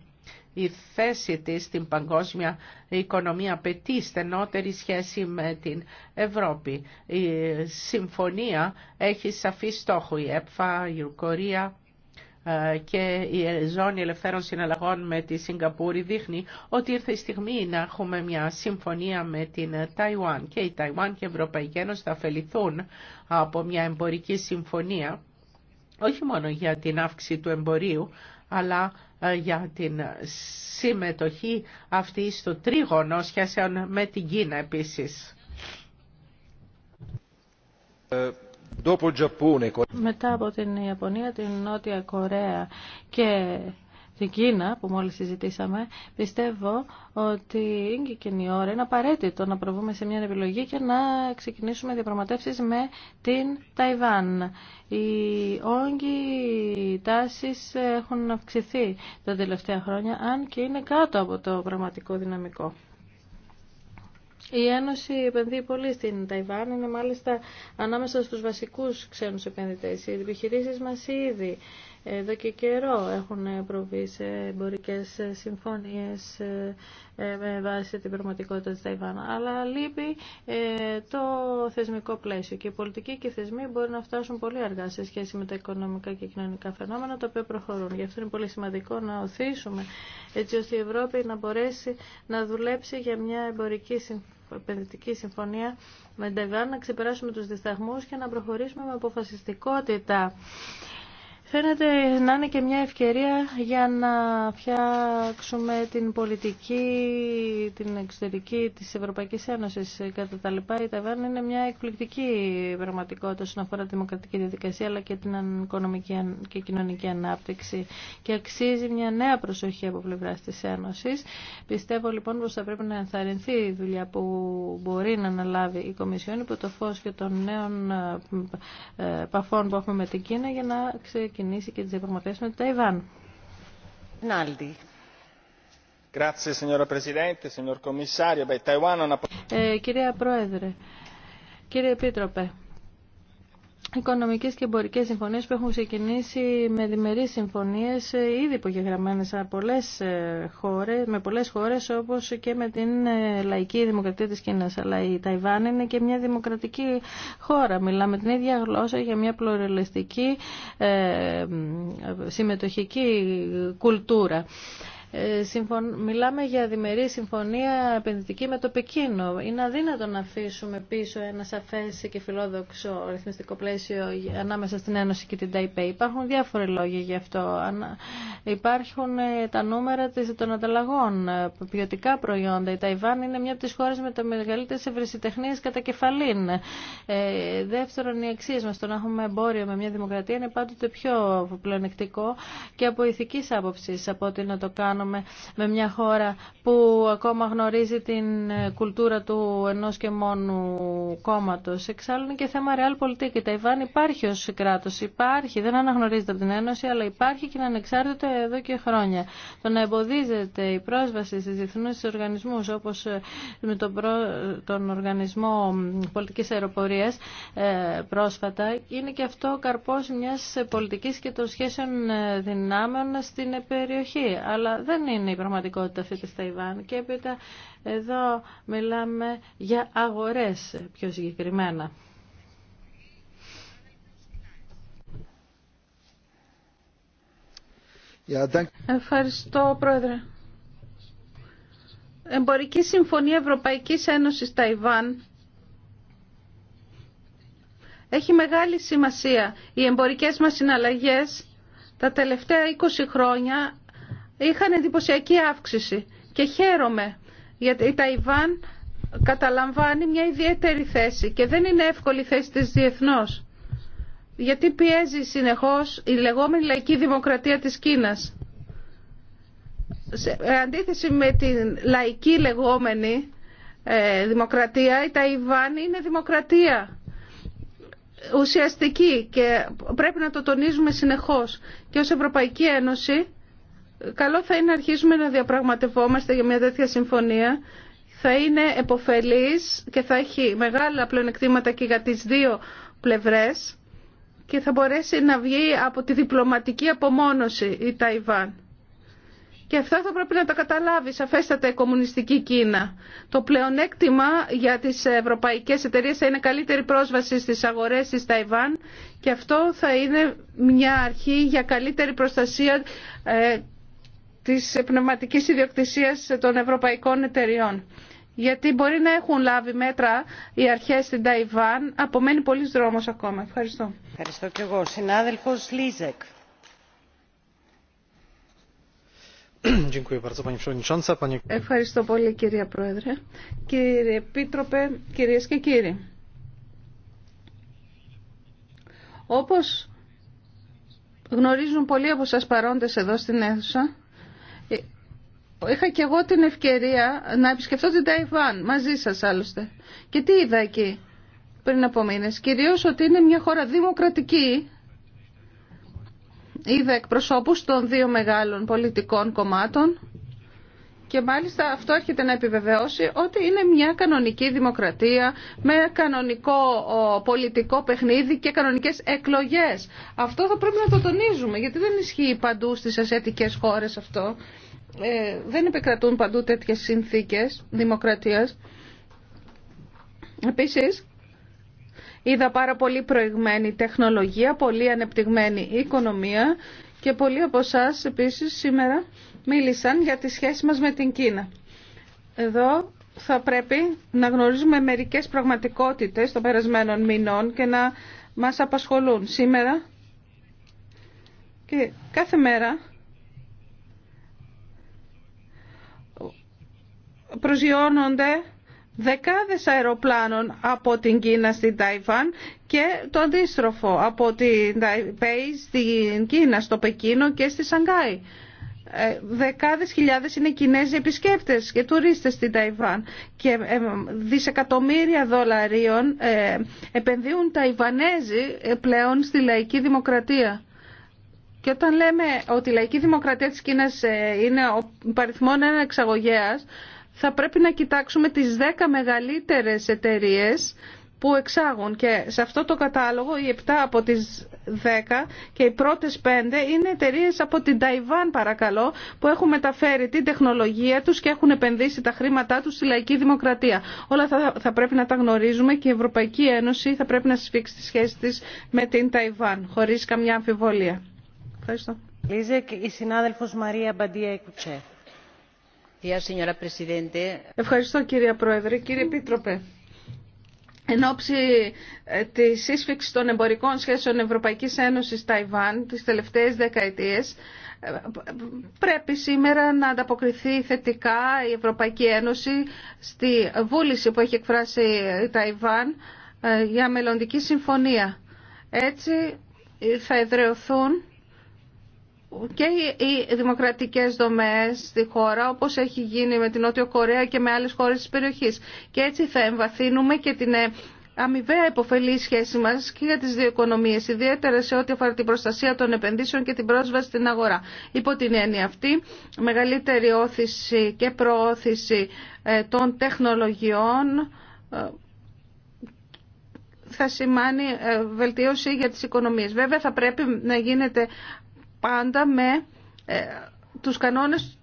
η θέση της στην παγκόσμια οικονομία απαιτεί στενότερη σχέση με την Ευρώπη. Η συμφωνία έχει σαφή στόχο. Η ΕΠΦΑ, η Ουκορία ε, και η ζώνη ελευθέρων συναλλαγών με τη Σιγκαπούρη δείχνει ότι ήρθε η στιγμή να έχουμε μια συμφωνία με την Ταϊουάν και η Ταϊουάν και η Ευρωπαϊκή Ένωση θα αφεληθούν από μια εμπορική συμφωνία όχι μόνο για την αύξηση του εμπορίου αλλά ε, για την συμμετοχή αυτή στο τρίγωνο σχέσεων με την Κίνα επίσης. Ε, Μετά από την Ιαπωνία, την Νότια Κορέα και στην Κίνα που μόλις συζητήσαμε, πιστεύω ότι είναι και ώρα, είναι απαραίτητο να προβούμε σε μια επιλογή και να ξεκινήσουμε διαπραγματεύσεις με την Ταϊβάν. Οι όγκοι τάσεις έχουν αυξηθεί τα τελευταία χρόνια, αν και είναι κάτω από το πραγματικό δυναμικό. Η Ένωση επενδύει πολύ στην Ταϊβάν, είναι μάλιστα ανάμεσα στους βασικούς ξένους επενδυτές. Οι επιχειρήσεις μας ήδη εδώ και καιρό έχουν προβεί σε εμπορικέ συμφωνίε ε, με βάση την πραγματικότητα τη Ταϊβάν. Αλλά λείπει ε, το θεσμικό πλαίσιο και οι πολιτικοί και οι θεσμοί μπορεί να φτάσουν πολύ αργά σε σχέση με τα οικονομικά και κοινωνικά φαινόμενα τα οποία προχωρούν. Γι' αυτό είναι πολύ σημαντικό να οθήσουμε έτσι ώστε η Ευρώπη να μπορέσει να δουλέψει για μια εμπορική επενδυτική συμφωνία με την Ταϊβάν, να ξεπεράσουμε του δισταγμούς και να προχωρήσουμε με αποφασιστικότητα Φαίνεται να είναι και μια ευκαιρία για να φτιάξουμε την πολιτική, την εξωτερική της Ευρωπαϊκής Ένωσης κατά τα λοιπά. Η Ταβάν είναι μια εκπληκτική πραγματικότητα όσον αφορά τη δημοκρατική διαδικασία αλλά και την οικονομική και κοινωνική ανάπτυξη και αξίζει μια νέα προσοχή από πλευρά της Ένωσης. Πιστεύω λοιπόν πως θα πρέπει να ενθαρρυνθεί η δουλειά που μπορεί να αναλάβει η Κομισιόν υπό το φως και των νέων ε, ε, παφών που έχουμε με την Κίνα για να ξεκινήσουμε ξεκινήσει και με το Ταϊβάν. Ε, κυρία Πρόεδρε, κύριε Επίτροπε, οικονομικέ και εμπορικέ συμφωνίες που έχουν ξεκινήσει με διμερεί συμφωνίες ε, ήδη υπογεγραμμένε ε, με πολλές χώρες όπως και με την ε, λαϊκή δημοκρατία της Κίνα, Αλλά η Ταϊβάν είναι και μια δημοκρατική χώρα. Μιλάμε την ίδια γλώσσα για μια πλουραλιστική συμμετοχική κουλτούρα. Ε, μιλάμε για διμερή συμφωνία επενδυτική με το Πεκίνο. Είναι αδύνατο να αφήσουμε πίσω ένα σαφές και φιλόδοξο ρυθμιστικό πλαίσιο ανάμεσα στην Ένωση και την ΤΑΙΠΕ. Υπάρχουν διάφοροι λόγοι γι' αυτό. Υπάρχουν ε, τα νούμερα των ανταλλαγών, ε, ποιοτικά προϊόντα. Η Ταϊβάν είναι μια από τις χώρες με τα μεγαλύτερες ευρεσιτεχνίες κατά κεφαλήν. Ε, δεύτερον, οι αξίε μα το να έχουμε εμπόριο με μια δημοκρατία είναι πάντοτε πιο πλεονεκτικό και από ηθική άποψη από ότι να το κάνουμε αισθάνομαι με μια χώρα που ακόμα γνωρίζει την ε, κουλτούρα του ενός και μόνου κόμματο. Εξάλλου είναι και θέμα πολιτική. Η Ταϊβάν υπάρχει ως κράτος. Υπάρχει, δεν αναγνωρίζεται από την Ένωση, αλλά υπάρχει και είναι ανεξάρτητο εδώ και χρόνια. Το να εμποδίζεται η πρόσβαση στι διεθνούς οργανισμούς όπως ε, με τον, προ... τον Οργανισμό Πολιτικής Αεροπορίας ε, πρόσφατα είναι και αυτό ο καρπός μιας πολιτικής και των σχέσεων δυνάμεων στην περιοχή. Αλλά δεν είναι η πραγματικότητα αυτή της Ταϊβάν και έπειτα εδώ μιλάμε για αγορές πιο συγκεκριμένα. Ευχαριστώ, Πρόεδρε. Εμπορική Συμφωνία Ευρωπαϊκής Ένωσης Ταϊβάν έχει μεγάλη σημασία. Οι εμπορικές μας συναλλαγές τα τελευταία 20 χρόνια είχαν εντυπωσιακή αύξηση και χαίρομαι γιατί η Ταϊβάν καταλαμβάνει μια ιδιαίτερη θέση και δεν είναι εύκολη θέση της διεθνώς γιατί πιέζει συνεχώς η λεγόμενη λαϊκή δημοκρατία της Κίνας. Σε ε, αντίθεση με την λαϊκή λεγόμενη ε, δημοκρατία, η Ταϊβάν είναι δημοκρατία ουσιαστική και πρέπει να το τονίζουμε συνεχώς. Και ως Ευρωπαϊκή Ένωση καλό θα είναι να αρχίσουμε να διαπραγματευόμαστε για μια τέτοια συμφωνία. Θα είναι εποφελής και θα έχει μεγάλα πλεονεκτήματα και για τις δύο πλευρές και θα μπορέσει να βγει από τη διπλωματική απομόνωση η Ταϊβάν. Και αυτά θα πρέπει να τα καταλάβει σαφέστατα η κομμουνιστική Κίνα. Το πλεονέκτημα για τις ευρωπαϊκές εταιρείες θα είναι καλύτερη πρόσβαση στις αγορές της Ταϊβάν και αυτό θα είναι μια αρχή για καλύτερη προστασία ε, της πνευματικής ιδιοκτησίας των ευρωπαϊκών εταιριών. Γιατί μπορεί να έχουν λάβει μέτρα οι αρχές στην Ταϊβάν, απομένει πολύς δρόμος ακόμα. Ευχαριστώ. Ευχαριστώ και εγώ. Συνάδελφος Λίζεκ. Ευχαριστώ πολύ κυρία Πρόεδρε. Κύριε Επίτροπε, κυρίες και κύριοι. Όπως γνωρίζουν πολλοί από σας παρόντες εδώ στην αίθουσα, είχα και εγώ την ευκαιρία να επισκεφτώ την Ταϊβάν, μαζί σα άλλωστε. Και τι είδα εκεί πριν από μήνε. Κυρίως ότι είναι μια χώρα δημοκρατική. Είδα εκπροσώπους των δύο μεγάλων πολιτικών κομμάτων και μάλιστα αυτό έρχεται να επιβεβαιώσει ότι είναι μια κανονική δημοκρατία με κανονικό πολιτικό παιχνίδι και κανονικές εκλογές. Αυτό θα πρέπει να το τονίζουμε γιατί δεν ισχύει παντού στις ασιατικές χώρες αυτό. Ε, δεν επικρατούν παντού τέτοιες συνθήκες δημοκρατίας. Επίσης, είδα πάρα πολύ προηγμένη τεχνολογία, πολύ ανεπτυγμένη οικονομία και πολλοί από εσά επίσης σήμερα μίλησαν για τη σχέση μας με την Κίνα. Εδώ θα πρέπει να γνωρίζουμε μερικές πραγματικότητες των περασμένων μηνών και να μας απασχολούν σήμερα και κάθε μέρα προσγειώνονται δεκάδες αεροπλάνων από την Κίνα στην Ταϊβάν και το αντίστροφο από την Ταϊπέη στην Κίνα, στο Πεκίνο και στη Σανγκάη. Ε, δεκάδες χιλιάδες είναι Κινέζοι επισκέπτες και τουρίστες στην Ταϊβάν και ε, δισεκατομμύρια δολαρίων ε, επενδύουν Ταϊβανέζοι πλέον στη λαϊκή δημοκρατία. Και όταν λέμε ότι η λαϊκή δημοκρατία της Κίνας είναι ο παριθμόν ένα εξαγωγέας, θα πρέπει να κοιτάξουμε τις 10 μεγαλύτερες εταιρείες που εξάγουν και σε αυτό το κατάλογο οι 7 από τις 10 και οι πρώτες 5 είναι εταιρείε από την Ταϊβάν παρακαλώ που έχουν μεταφέρει την τεχνολογία τους και έχουν επενδύσει τα χρήματά τους στη λαϊκή δημοκρατία. Όλα θα, θα πρέπει να τα γνωρίζουμε και η Ευρωπαϊκή Ένωση θα πρέπει να συσφίξει τη σχέση της με την Ταϊβάν χωρίς καμιά αμφιβολία. Ευχαριστώ. Λίζε, η συνάδελφος Μαρία Μπαντία Ευχαριστώ κύριε Πρόεδρε. Κύριε Πίτροπε. εν ώψη ε, της σύσφυξη των εμπορικών σχέσεων Ευρωπαϊκής Ένωσης Ταϊβάν τις τελευταίες δεκαετίες, ε, πρέπει σήμερα να ανταποκριθεί θετικά η Ευρωπαϊκή Ένωση στη βούληση που έχει εκφράσει η Ταϊβάν ε, για μελλοντική συμφωνία. Έτσι θα εδρεωθούν και οι δημοκρατικές δομές στη χώρα όπως έχει γίνει με την Νότιο Κορέα και με άλλες χώρες της περιοχής. Και έτσι θα εμβαθύνουμε και την ε, αμοιβαία υποφελή σχέση μα και για τι δύο οικονομίε, ιδιαίτερα σε ό,τι αφορά την προστασία των επενδύσεων και την πρόσβαση στην αγορά. Υπό την έννοια αυτή, μεγαλύτερη όθηση και προώθηση ε, των τεχνολογιών ε, θα σημάνει βελτίωση για τις οικονομίες. Βέβαια θα πρέπει να γίνεται πάντα με ε, τους κανόνες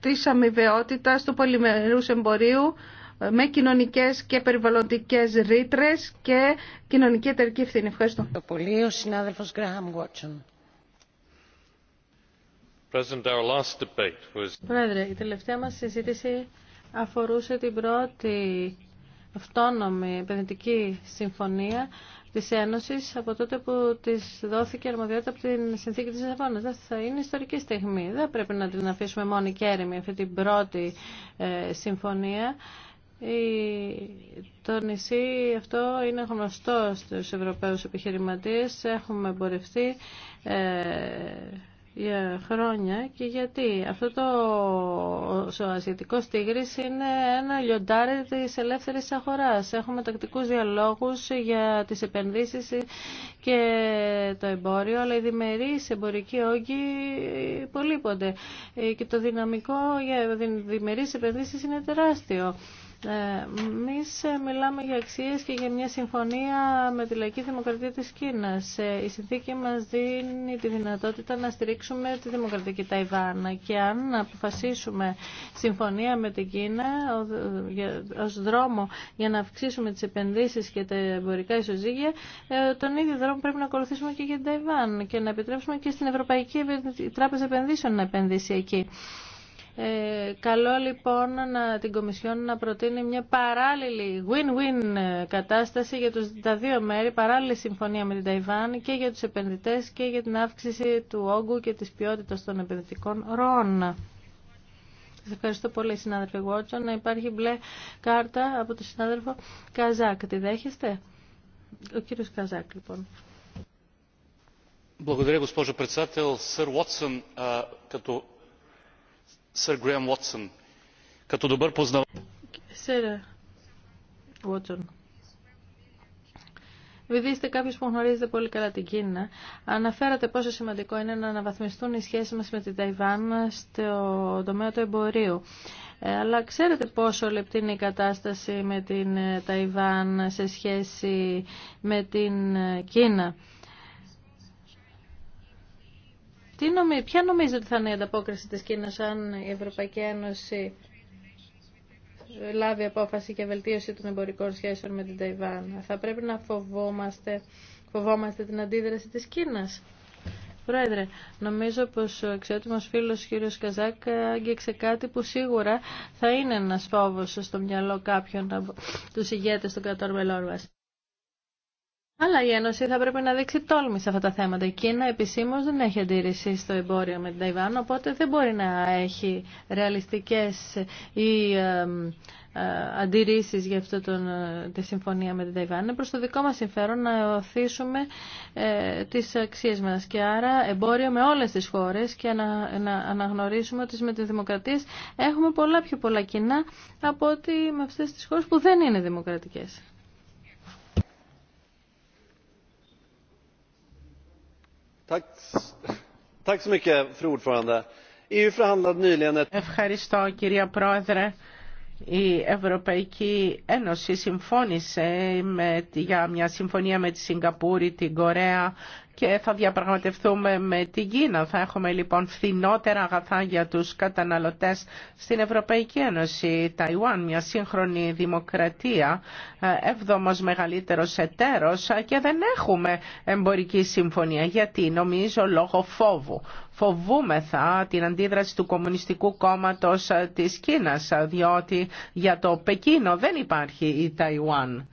της αμοιβαιότητας του πολυμερούς εμπορίου ε, με κοινωνικές και περιβαλλοντικές ρήτρε και κοινωνική εταιρική ευθύνη. Ευχαριστώ. Το πολύ, ο συνάδελφος Γκραχαμ Γουότσον. Πρόεδρε, η τελευταία μας συζήτηση αφορούσε την πρώτη αυτόνομη επενδυτική συμφωνία Τη Ένωση από τότε που τη δόθηκε αρμοδιότητα από την συνθήκη τη Λισαβόνα. Δεν θα είναι ιστορική στιγμή. Δεν πρέπει να την αφήσουμε μόνη και έρημη αυτή την πρώτη ε, συμφωνία. Το νησί αυτό είναι γνωστό στους Ευρωπαίους επιχειρηματίες. Έχουμε εμπορευτεί ε, για χρόνια και γιατί. Αυτό το ο ασιατικός είναι ένα λιοντάρι της ελεύθερης αγοράς. Έχουμε τακτικούς διαλόγους για τις επενδύσεις και το εμπόριο, αλλά οι διμερείς εμπορικοί όγκοι υπολείπονται. Ε, και το δυναμικό για διμερείς επενδύσεις είναι τεράστιο. Ε, Εμεί ε, μιλάμε για αξίε και για μια συμφωνία με τη λαϊκή δημοκρατία τη Κίνα. Ε, η συνθήκη μα δίνει τη δυνατότητα να στηρίξουμε τη δημοκρατική Ταϊβάν. Και αν αποφασίσουμε συμφωνία με την Κίνα ω δρόμο για να αυξήσουμε τι επενδύσει και τα εμπορικά ισοζύγια, τον ίδιο δρόμο πρέπει να ακολουθήσουμε και για την Ταϊβάν και να επιτρέψουμε και στην Ευρωπαϊκή Τράπεζα Επενδύσεων να επενδύσει εκεί. Ε, καλό λοιπόν να, την Κομισιόν να προτείνει μια παράλληλη win-win ε, κατάσταση για τους, τα δύο μέρη, παράλληλη συμφωνία με την Ταϊβάν και για τους επενδυτές και για την αύξηση του όγκου και της ποιότητας των επενδυτικών ροών. Σα ευχαριστώ πολύ συνάδελφε Γουότσο. Να υπάρχει μπλε κάρτα από τον συνάδελφο Καζάκ. Τη δέχεστε? Ο κύριος Καζάκ λοιπόν. Sir Graham Watson, като Επειδή είστε κάποιο που γνωρίζετε πολύ καλά την Κίνα, αναφέρατε πόσο σημαντικό είναι να αναβαθμιστούν οι σχέσει μα με την Ταϊβάν στο τομέα του εμπορίου. Ε, αλλά ξέρετε πόσο λεπτή είναι η κατάσταση με την ε, Ταϊβάν σε σχέση με την ε, Κίνα. Τι Ποια νομίζετε ότι θα είναι η ανταπόκριση της Κίνας αν η Ευρωπαϊκή Ένωση λάβει απόφαση και βελτίωση των εμπορικών σχέσεων με την Ταϊβάν. Θα πρέπει να φοβόμαστε, φοβόμαστε την αντίδραση της Κίνας. Πρόεδρε, νομίζω πως ο εξαιρετικός φίλος κ. Καζάκ άγγιξε κάτι που σίγουρα θα είναι ένας φόβος στο μυαλό κάποιων από τους ηγέτες των κρατών μελών αλλά η Ένωση θα πρέπει να δείξει τόλμη σε αυτά τα θέματα. Η Κίνα επισήμω δεν έχει αντίρρηση στο εμπόριο με την Ταϊβάν, οπότε δεν μπορεί να έχει ρεαλιστικέ ή ε, αντιρρήσει για αυτή ε, τη συμφωνία με την Ταϊβάν. Είναι προ το δικό μα συμφέρον να οθήσουμε ε, τι αξίε μα και άρα εμπόριο με όλε τι χώρε και να, να αναγνωρίσουμε ότι με τι δημοκρατίε έχουμε πολλά πιο πολλά κοινά από ότι με αυτέ τι χώρε που δεν είναι δημοκρατικέ. Ευχαριστώ κυρία Πρόεδρε. Η Ευρωπαϊκή Ένωση συμφώνησε με, για μια συμφωνία με τη Σιγκαπούρη, την Κορέα και θα διαπραγματευτούμε με την Κίνα. Θα έχουμε λοιπόν φθηνότερα αγαθά για τους καταναλωτές στην Ευρωπαϊκή Ένωση. Ταϊουάν, μια σύγχρονη δημοκρατία, έβδομος μεγαλύτερος εταίρος και δεν έχουμε εμπορική συμφωνία. Γιατί νομίζω λόγω φόβου. Φοβούμεθα την αντίδραση του Κομμουνιστικού Κόμματος της Κίνας, διότι για το Πεκίνο δεν υπάρχει η Ταϊουάν.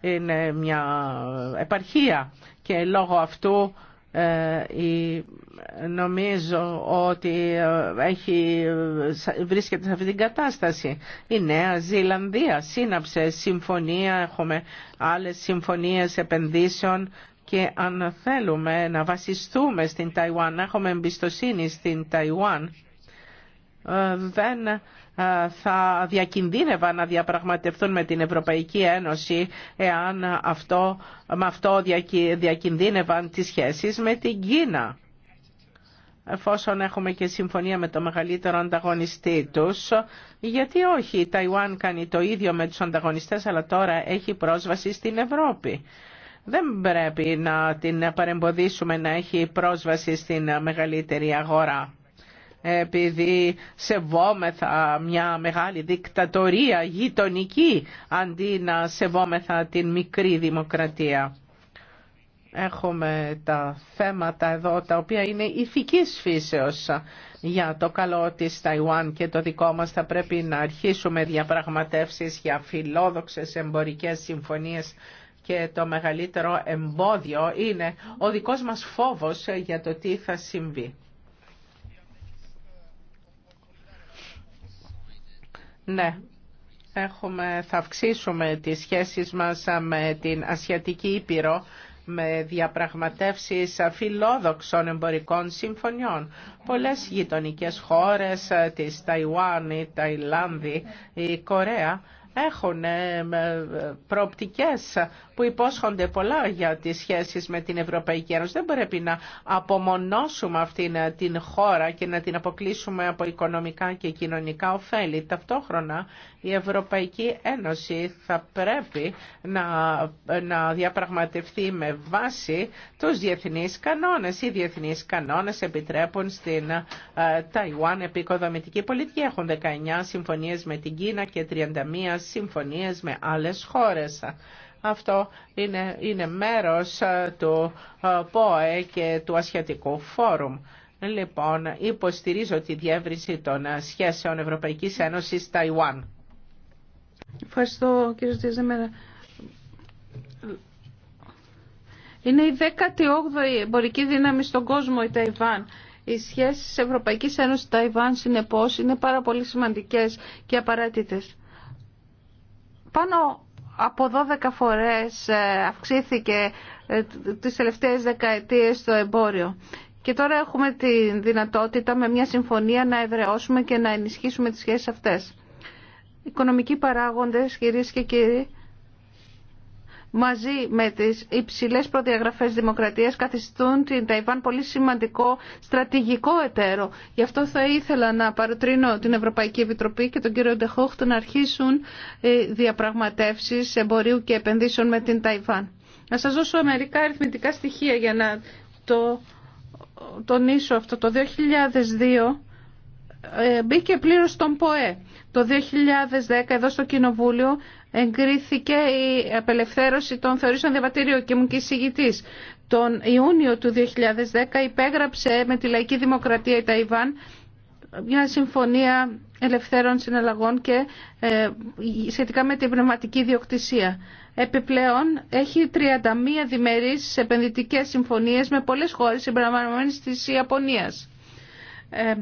Είναι μια επαρχία και λόγω αυτού ε, νομίζω ότι ε, έχει, βρίσκεται σε αυτή την κατάσταση. Η Νέα Ζηλανδία σύναψε συμφωνία, έχουμε άλλες συμφωνίες επενδύσεων και αν θέλουμε να βασιστούμε στην Ταϊουάν, να έχουμε εμπιστοσύνη στην Ταϊουάν, ε, δεν ε, θα διακινδύνευαν να διαπραγματευτούν με την Ευρωπαϊκή Ένωση εάν αυτό, με αυτό διακινδύνευαν τις σχέσεις με την Κίνα εφόσον έχουμε και συμφωνία με το μεγαλύτερο ανταγωνιστή τους. Γιατί όχι, η Ταϊουάν κάνει το ίδιο με τους ανταγωνιστές, αλλά τώρα έχει πρόσβαση στην Ευρώπη. Δεν πρέπει να την παρεμποδίσουμε να έχει πρόσβαση στην μεγαλύτερη αγορά επειδή σεβόμεθα μια μεγάλη δικτατορία γειτονική αντί να σεβόμεθα την μικρή δημοκρατία. Έχουμε τα θέματα εδώ τα οποία είναι ηθικής φύσεως για το καλό της Ταϊουάν και το δικό μας θα πρέπει να αρχίσουμε διαπραγματεύσεις για φιλόδοξες εμπορικές συμφωνίες και το μεγαλύτερο εμπόδιο είναι ο δικός μας φόβος για το τι θα συμβεί. Ναι, θα αυξήσουμε τις σχέσεις μας με την Ασιατική Ήπειρο με διαπραγματεύσεις φιλόδοξων εμπορικών συμφωνιών. Πολλές γειτονικές χώρες ε, της Ταϊουάν, η Ταϊλάνδη, η Κορέα έχουν ε, ε, προοπτικές που υπόσχονται πολλά για τις σχέσεις με την Ευρωπαϊκή Ένωση. Δεν πρέπει να απομονώσουμε αυτήν ε, την χώρα και να την αποκλείσουμε από οικονομικά και κοινωνικά ωφέλη. Ταυτόχρονα η Ευρωπαϊκή Ένωση θα πρέπει να, να διαπραγματευτεί με βάση τους διεθνείς κανόνες. Οι διεθνείς κανόνες επιτρέπουν στην ε, Ταϊουάν επικοδομητική πολιτική. Έχουν 19 συμφωνίες με την Κίνα και 31 συμφωνίες με άλλες χώρες. Αυτό είναι, είναι μέρος ε, του ε, ΠΟΕ και του Ασιατικού Φόρουμ. Λοιπόν, υποστηρίζω τη διεύρυνση των ε, σχέσεων Ευρωπαϊκής Ένωσης Ταϊουάν. Ευχαριστώ κύριε Τζεζέμερα. Είναι η 18η εμπορική δύναμη στον κόσμο η Ταϊβάν. Οι σχέσεις Ευρωπαϊκή Ένωση, Ταϊβάν συνεπώς είναι πάρα πολύ σημαντικέ και απαραίτητε. Πάνω από 12 φορές ε, αυξήθηκε ε, τις τελευταίες δεκαετίες το εμπόριο. Και τώρα έχουμε τη δυνατότητα με μια συμφωνία να ευρεώσουμε και να ενισχύσουμε τις σχέσεις αυτές οικονομικοί παράγοντες, κυρίες και κύριοι, μαζί με τις υψηλές προδιαγραφές δημοκρατίας καθιστούν την Ταϊβάν πολύ σημαντικό στρατηγικό εταίρο. Γι' αυτό θα ήθελα να παροτρύνω την Ευρωπαϊκή Επιτροπή και τον κύριο Ντεχόχτ να αρχίσουν ε, διαπραγματεύσεις εμπορίου και επενδύσεων με την Ταϊβάν. Να σας δώσω μερικά αριθμητικά στοιχεία για να το τονίσω αυτό. Το 2002 ε, μπήκε πλήρως στον ΠΟΕ το 2010 εδώ στο Κοινοβούλιο εγκρίθηκε η απελευθέρωση των θεωρήσεων διαβατήριο και μου και εισηγητής. Τον Ιούνιο του 2010 υπέγραψε με τη Λαϊκή Δημοκρατία η Ταϊβάν μια συμφωνία ελευθέρων συναλλαγών και ε, σχετικά με την πνευματική διοκτησία. Επιπλέον, έχει 31 διμερείς επενδυτικές συμφωνίες με πολλές χώρες συμπεριλαμβανομένες της Ιαπωνίας. Ε,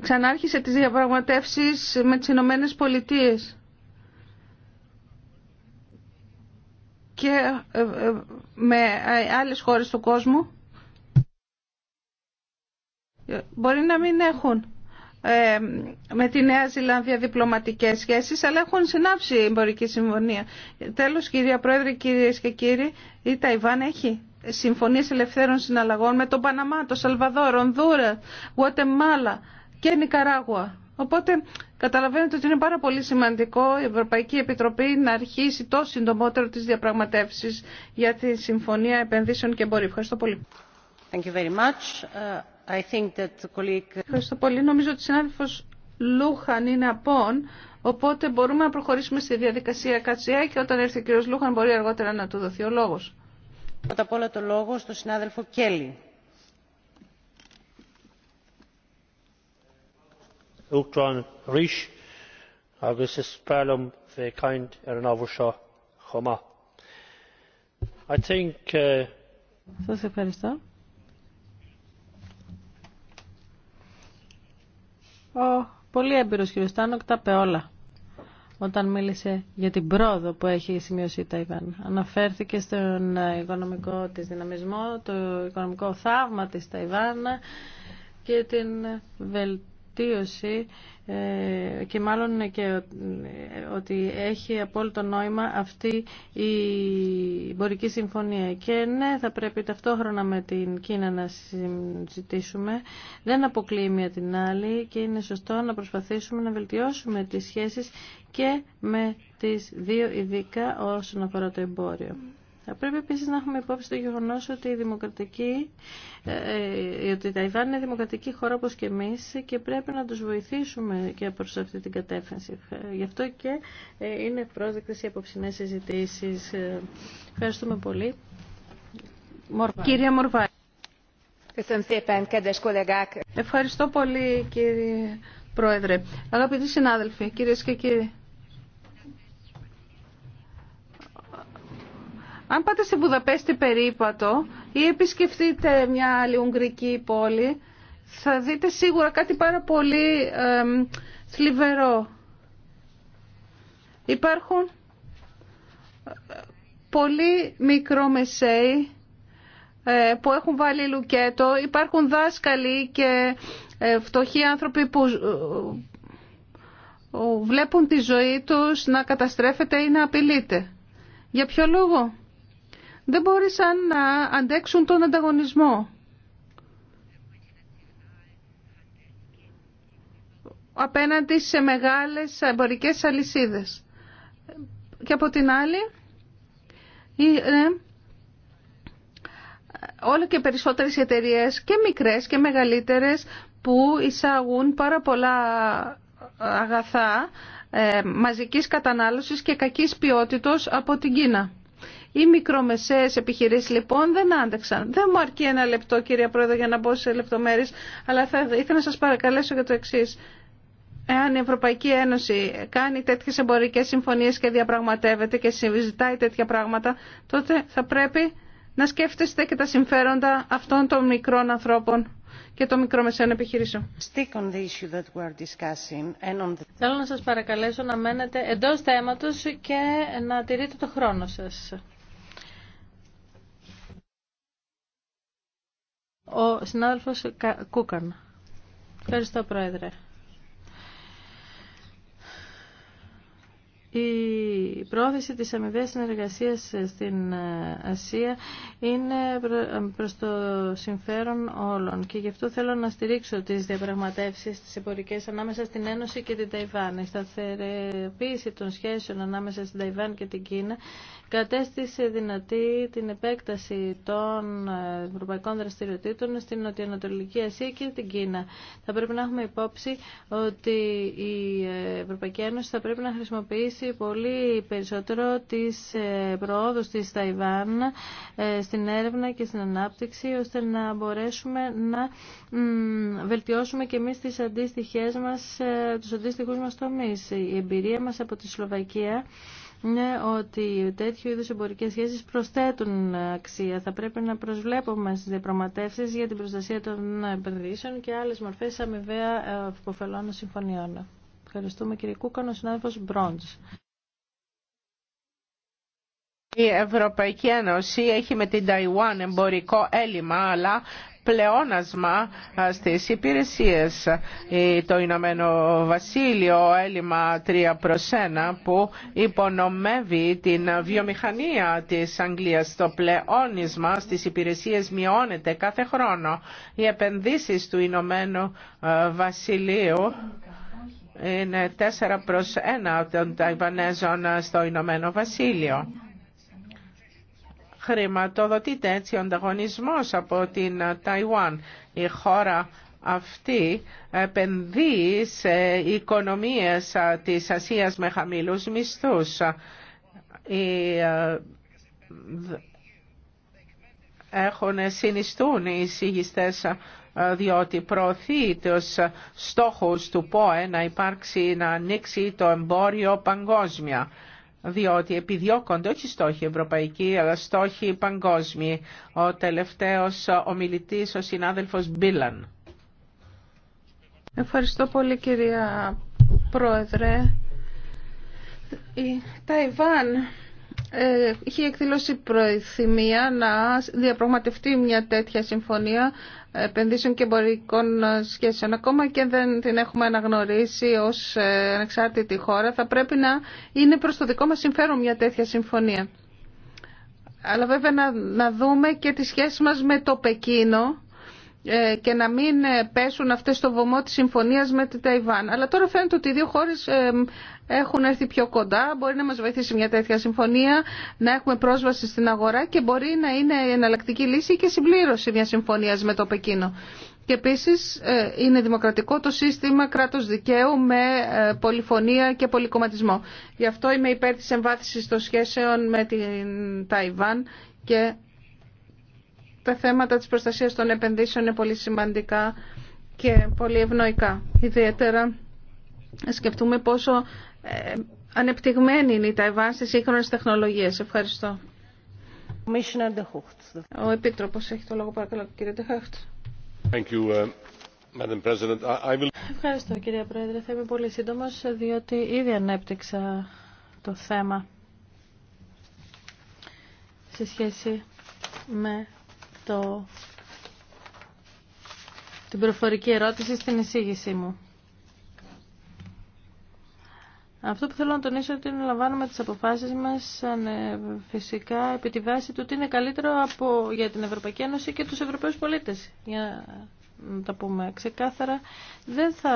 ξανάρχισε τις διαπραγματεύσεις με τις Ηνωμένε Πολιτείε. και ε, ε, με ε, άλλες χώρες του κόσμου μπορεί να μην έχουν με τη Νέα Ζηλανδία διπλωματικές σχέσεις αλλά έχουν συνάψει εμπορική συμφωνία. Τέλος κυρία Πρόεδρε, κύριε και κύριοι, η Ταϊβάν έχει συμφωνίες ελευθέρων συναλλαγών με τον Παναμά, το Σαλβαδόρ, Ονδούρα, Γουατεμάλα, και Νικαράγουα. Οπότε καταλαβαίνετε ότι είναι πάρα πολύ σημαντικό η Ευρωπαϊκή Επιτροπή να αρχίσει το συντομότερο τις διαπραγματεύσεις για τη Συμφωνία Επενδύσεων και Εμπορίου. Ευχαριστώ πολύ. Thank you very much. Uh, I think that colleague... Ευχαριστώ πολύ. Νομίζω ότι ο συνάδελφος Λούχαν είναι απόν, οπότε μπορούμε να προχωρήσουμε στη διαδικασία κατσιά και όταν έρθει ο κύριος Λούχαν μπορεί αργότερα να του δοθεί ο λόγος. Πρώτα απ' όλα το λόγο στον συνάδελφο Κέλλη. uachtaráin arís agus is bheith ar an ábhar seo chomh maith. I think. Uh, Ο πολύ έμπειρος κ. Στάνοκ τα όλα όταν μίλησε για την πρόοδο που έχει σημειώσει η Ταϊβάν. Αναφέρθηκε στον οικονομικό της δυναμισμό, το οικονομικό θαύμα της Ταϊβάν και την βελτίωση βελτίωση ε, και μάλλον και ε, ότι έχει απόλυτο νόημα αυτή η εμπορική συμφωνία. Και ναι, θα πρέπει ταυτόχρονα με την Κίνα να συζητήσουμε. Δεν αποκλείει μία την άλλη και είναι σωστό να προσπαθήσουμε να βελτιώσουμε τις σχέσεις και με τις δύο ειδικά όσον αφορά το εμπόριο. Θα πρέπει επίσης να έχουμε υπόψη το γεγονός ότι η δημοκρατική, ε, ε, ότι η Ταϊβάν είναι δημοκρατική χώρα όπως και εμείς και πρέπει να τους βοηθήσουμε και προς αυτή την κατεύθυνση. Γι' αυτό και ε, είναι πρόσδεκτες οι απόψινές συζητήσει. Ευχαριστούμε πολύ. Κυρία Μορβά. Ευχαριστώ πολύ κύριε Πρόεδρε. Αγαπητοί συνάδελφοι, κυρίες και κύριοι. Αν πάτε σε Βουδαπέστη περίπατο ή επισκεφτείτε μια άλλη ουγγρική πόλη, θα δείτε σίγουρα κάτι πάρα πολύ ε, θλιβερό. Υπάρχουν ε, πολύ μικρομεσαίοι ε, που έχουν βάλει λουκέτο. Υπάρχουν δάσκαλοι και ε, φτωχοί άνθρωποι που βλέπουν τη ζωή τους να καταστρέφεται ή να απειλείται. Για ποιο λόγο? δεν μπόρεσαν να αντέξουν τον ανταγωνισμό. απέναντι σε μεγάλες εμπορικές αλυσίδες. Και από την άλλη, όλε όλο και περισσότερες εταιρείε και μικρές και μεγαλύτερες που εισάγουν πάρα πολλά αγαθά ε, μαζικής κατανάλωσης και κακής ποιότητος από την Κίνα. Οι μικρομεσαίε επιχειρήσει λοιπόν δεν άντεξαν. Δεν μου αρκεί ένα λεπτό κυρία Πρόεδρε για να μπω σε λεπτομέρειε, αλλά θα ήθελα να σα παρακαλέσω για το εξή. Εάν η Ευρωπαϊκή Ένωση κάνει τέτοιε εμπορικέ συμφωνίε και διαπραγματεύεται και συζητάει τέτοια πράγματα, τότε θα πρέπει να σκέφτεστε και τα συμφέροντα αυτών των μικρών ανθρώπων και των μικρομεσαίων επιχειρήσεων. Θέλω να σας παρακαλέσω να μένετε εντός θέματος και να τηρείτε το χρόνο σας. Ο συνάδελφος Κούκαν. Ευχαριστώ, Πρόεδρε. Η πρόθεση της αμοιβαίας συνεργασίας στην ε, Ασία είναι προς το συμφέρον όλων και γι' αυτό θέλω να στηρίξω τις διαπραγματεύσεις τις εμπορικές ανάμεσα στην Ένωση και την Ταϊβάν. Η σταθεροποίηση των σχέσεων ανάμεσα στην Ταϊβάν και την Κίνα κατέστησε δυνατή την επέκταση των ε, ευρωπαϊκών δραστηριοτήτων στην Νοτιοανατολική Ασία και την Κίνα. Θα πρέπει να έχουμε υπόψη ότι η ε, Ευρωπαϊκή Ένωση θα πρέπει να χρησιμοποιήσει πολύ περισσότερο τις ε, προόδους της Ταϊβάν στην έρευνα και στην ανάπτυξη ώστε να μπορέσουμε να βελτιώσουμε και εμείς τις αντίστοιχές μας, τους αντίστοιχους μας τομείς. Η εμπειρία μας από τη Σλοβακία ναι ότι τέτοιου είδους εμπορικές σχέσεις προσθέτουν αξία. Θα πρέπει να προσβλέπουμε στις διαπραγματεύσεις για την προστασία των επενδύσεων και άλλες μορφές αμοιβαία αποφελών ε, συμφωνιών. Ευχαριστούμε κύριε Κούκανο, συνάδελφος Μπρόντζ. Η Ευρωπαϊκή Ένωση έχει με την Ταϊουάν εμπορικό έλλειμμα, αλλά πλεόνασμα στις υπηρεσίες. Το Ηνωμένο Βασίλειο έλλειμμα 3 προς 1 που υπονομεύει την βιομηχανία της Αγγλίας. Το πλεόνισμα στις υπηρεσίες μειώνεται κάθε χρόνο. Οι επενδύσεις του Ηνωμένου Βασιλείου είναι 4 προς 1 των Ταϊβανέζων στο Ηνωμένο Βασίλειο χρηματοδοτείται έτσι ο ανταγωνισμός από την ε, Ταϊουάν. Η χώρα αυτή επενδύει σε οικονομίες ε, της Ασίας με χαμηλούς μισθούς. Ε, έχουν συνιστούν οι εισηγιστές διότι προωθεί τους στόχους του ΠΟΕ να υπάρξει, να ανοίξει το εμπόριο παγκόσμια διότι επιδιώκονται όχι στόχοι ευρωπαϊκοί, αλλά στόχοι παγκόσμιοι. Ο τελευταίος ομιλητής, ο συνάδελφος Μπίλαν. Ευχαριστώ πολύ κυρία Πρόεδρε. Η Ταϊβάν ε, είχε εκδηλώσει προθυμία να διαπραγματευτεί μια τέτοια συμφωνία επενδύσεων και εμπορικών σχέσεων. Ακόμα και δεν την έχουμε αναγνωρίσει ως ε, ανεξάρτητη χώρα, θα πρέπει να είναι προς το δικό μας συμφέρον μια τέτοια συμφωνία. Αλλά βέβαια να, δούμε και τη σχέση μας με το Πεκίνο, ε, και να μην ε, πέσουν αυτές στο βωμό της συμφωνίας με την Ταϊβάν. Αλλά τώρα φαίνεται ότι οι δύο χώρες έχουν έρθει πιο κοντά, μπορεί να μας βοηθήσει μια τέτοια συμφωνία, να έχουμε πρόσβαση στην αγορά και μπορεί να είναι εναλλακτική λύση και συμπλήρωση μια συμφωνίας με το Πεκίνο. Και επίσης ε, είναι δημοκρατικό το σύστημα κράτος δικαίου με πολυφωνία και πολυκομματισμό. Γι' αυτό είμαι υπέρ της εμβάθυνσης των σχέσεων με την Ταϊβάν και τα θέματα της προστασίας των επενδύσεων είναι πολύ σημαντικά και πολύ ευνοϊκά. Ιδιαίτερα σκεφτούμε πόσο ε, ανεπτυγμένη είναι η Ταϊβάν στις σύγχρονες τεχνολογίες. Ευχαριστώ. Ο Επίτροπος έχει το λόγο παρακαλώ κύριε Τεχάχτ. Uh, Ευχαριστώ κύριε Πρόεδρε. Θα είμαι πολύ σύντομος διότι ήδη ανέπτυξα το θέμα σε σχέση με το, την προφορική ερώτηση στην εισήγησή μου. Αυτό που θέλω να τονίσω είναι ότι λαμβάνουμε τις αποφάσεις μας ε, ναι, φυσικά επί τη βάση του τι είναι καλύτερο από, για την Ευρωπαϊκή Ένωση και τους Ευρωπαίους πολίτες. Για να τα πούμε ξεκάθαρα, δεν θα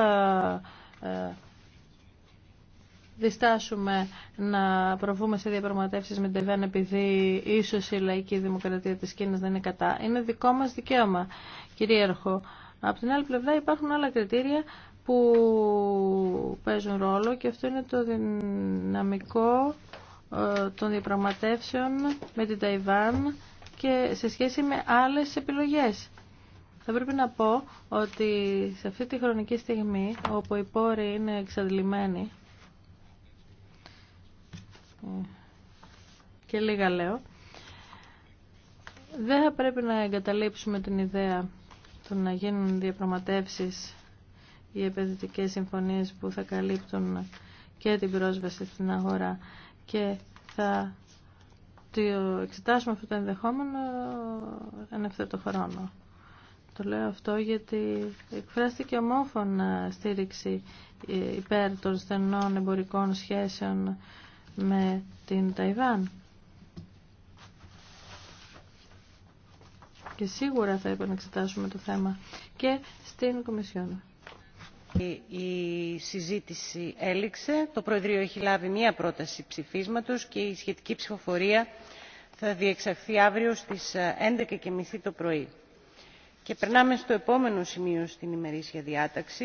ε, διστάσουμε να προβούμε σε διαπραγματεύσει με την Ταϊβάν επειδή ίσω η λαϊκή δημοκρατία της Κίνας δεν είναι κατά. Είναι δικό μας δικαίωμα, κυρίαρχο. Από την άλλη πλευρά υπάρχουν άλλα κριτήρια που παίζουν ρόλο και αυτό είναι το δυναμικό ε, των διαπραγματεύσεων με την Ταϊβάν και σε σχέση με άλλες επιλογές. Θα πρέπει να πω ότι σε αυτή τη χρονική στιγμή όπου οι πόροι είναι εξαντλημένοι και λίγα λέω, δεν θα πρέπει να εγκαταλείψουμε την ιδέα του να γίνουν διαπραγματεύσει οι επενδυτικές συμφωνίες που θα καλύπτουν και την πρόσβαση στην αγορά και θα το εξετάσουμε αυτό το ενδεχόμενο εν το χρόνο. Το λέω αυτό γιατί εκφράστηκε ομόφωνα στήριξη ε, υπέρ των στενών εμπορικών σχέσεων με την Ταϊβάν. Και σίγουρα θα επαναξετάσουμε το θέμα και στην Κομισιόν. Η συζήτηση έληξε. Το Προεδρείο έχει λάβει μία πρόταση ψηφίσματος και η σχετική ψηφοφορία θα διεξαχθεί αύριο στις 11.30 το πρωί. Και περνάμε στο επόμενο σημείο στην ημερήσια διάταξη